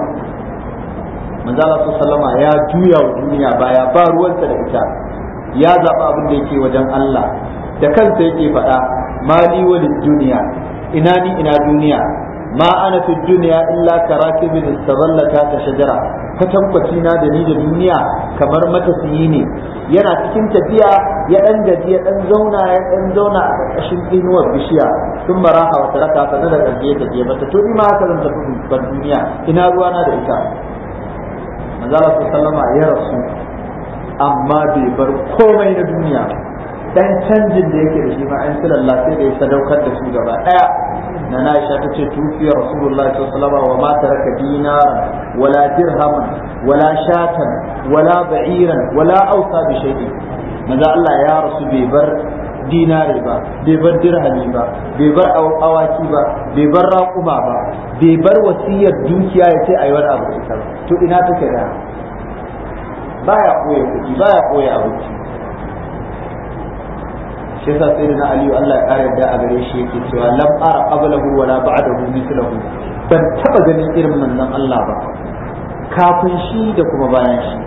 manzo Allah sallama ya juya wa duniya baya ba ruwansa da ita ya zaba abin da yake wajen Allah da kansa yake faɗa mali walid duniya ina ni ina duniya ma ana fi duniya illa karakibin istazallata ta shajara kwatankwacina na da ni da duniya kamar matafiyi ne yana cikin tafiya ya dan gaji ya dan zauna ya dan zauna a ƙarƙashin inuwar bishiya sun a wata raka sannan da ƙarfi ta tafiye mata to ni ma haka zan tafi ban duniya ina ruwana da ita manzala su sallama ya rasu amma bai bar komai na duniya dan canjin da yake da shi ma an sai da ya sadaukar da su gaba daya na Aisha ta ce tufiya Rasulullahi sallallahu wa ma taraka dinar wala dirhaman wala shatan wala ba'iran wala ausa bi shay'in manzo Allah ya rasu bai bar dinare ba bai bar dirhami ba bai bar awaki ba bai bar raƙuma ba bai bar wasiyar dukiya ya ce a yi wani abu ita ba to ina take da baya koya kuɗi baya koya abinci shi yasa sai na aliyu Allah ya ƙara da a gare shi yake cewa lam ara qablahu wala ba'dahu mithluhu ban taba ganin irin manzon Allah ba kafin shi da kuma bayan shi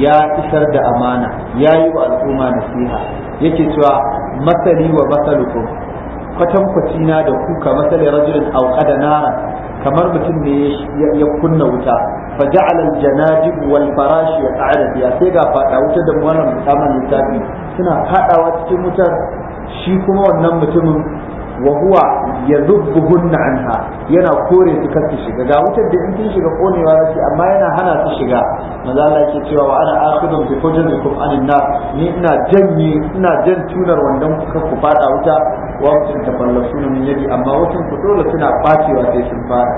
ya isar da amana ya yi wa al'umma nasiha yake cewa masali wa masalukum kwatan na da kuka masali rajulin da nara kamar mutum ne ya kunna wuta fa ja'ala al-janajib wal farash yaq'ada biya sai ga fada wuta da wannan mutanen littafi suna fadawa cikin wutar shi kuma wannan mutumin wa huwa yadhubbuhunna anha yana kore su kar shiga da wutar da in sun shiga konewa zasu amma yana hana su shiga manzo yake cewa wa ana akhidun bi fujurikum anin nar ni ina janye ina jan tunar wannan ku ku fada wuta wa mutum tafallasuna min yadi amma wasu ku dole suna bacewa sai sun fara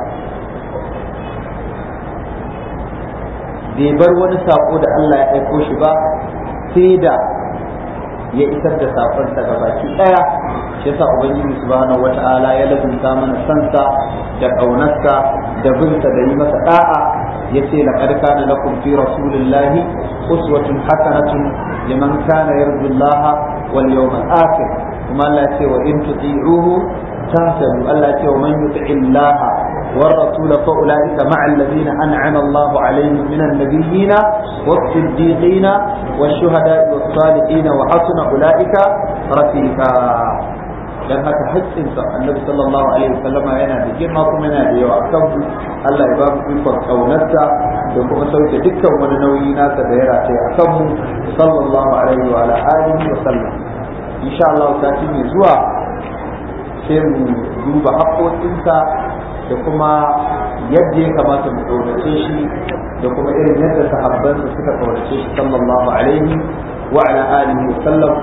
bai bar wani sako da Allah ya aiko shi ba sai da ya isar da sakon ta ga baki daya shi yasa ubangiji subhanahu wata'ala ya lazunta mana sansa da kaunarsa da binta da yi masa da'a yace laqad kana lakum fi rasulillahi uswatun hasanatun liman kana yarju wal yawmal akhir kuma Allah ya ce wa in tuti'uhu tahtadu Allah ya ce wa man yuti'i Allah والرسول فأولئك مع الذين أنعم الله عليهم من النبيين والصديقين والشهداء والصالحين وحسن أولئك رفيقا dan haka haƙƙinsa annabi sallallahu alaihi wasallama yana da girma kuma yana da yawa kan Allah ya ba mu ikon kaunarsa da kuma sauke dukkan wani nauyi nasa da ya rataye a mu sallallahu alaihi wa alihi wa sallam insha Allah sati mai zuwa sai mu duba haƙƙoƙinsa da kuma yadda ya kamata mu tsorace shi da kuma irin yadda sahabbansa suka kaunace shi sallallahu alaihi wa ala alihi wa sallam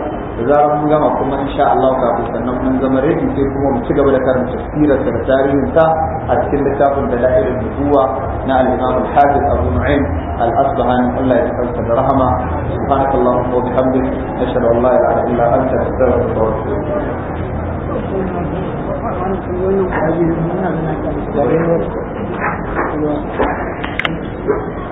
da zara mun gama kuma insha Allah kafin sannan mun zama ready sai kuma mu ci gaba da karanta sirar da tarihin sa a cikin littafin da da'irin nubuwa na al-Imam al-Hafiz Abu Nu'aym al-Asbahani Allah ya tsarkake da rahama subhanaka wa bihamdika an la ilaha illa anta astaghfiruka wa atubu Thank you.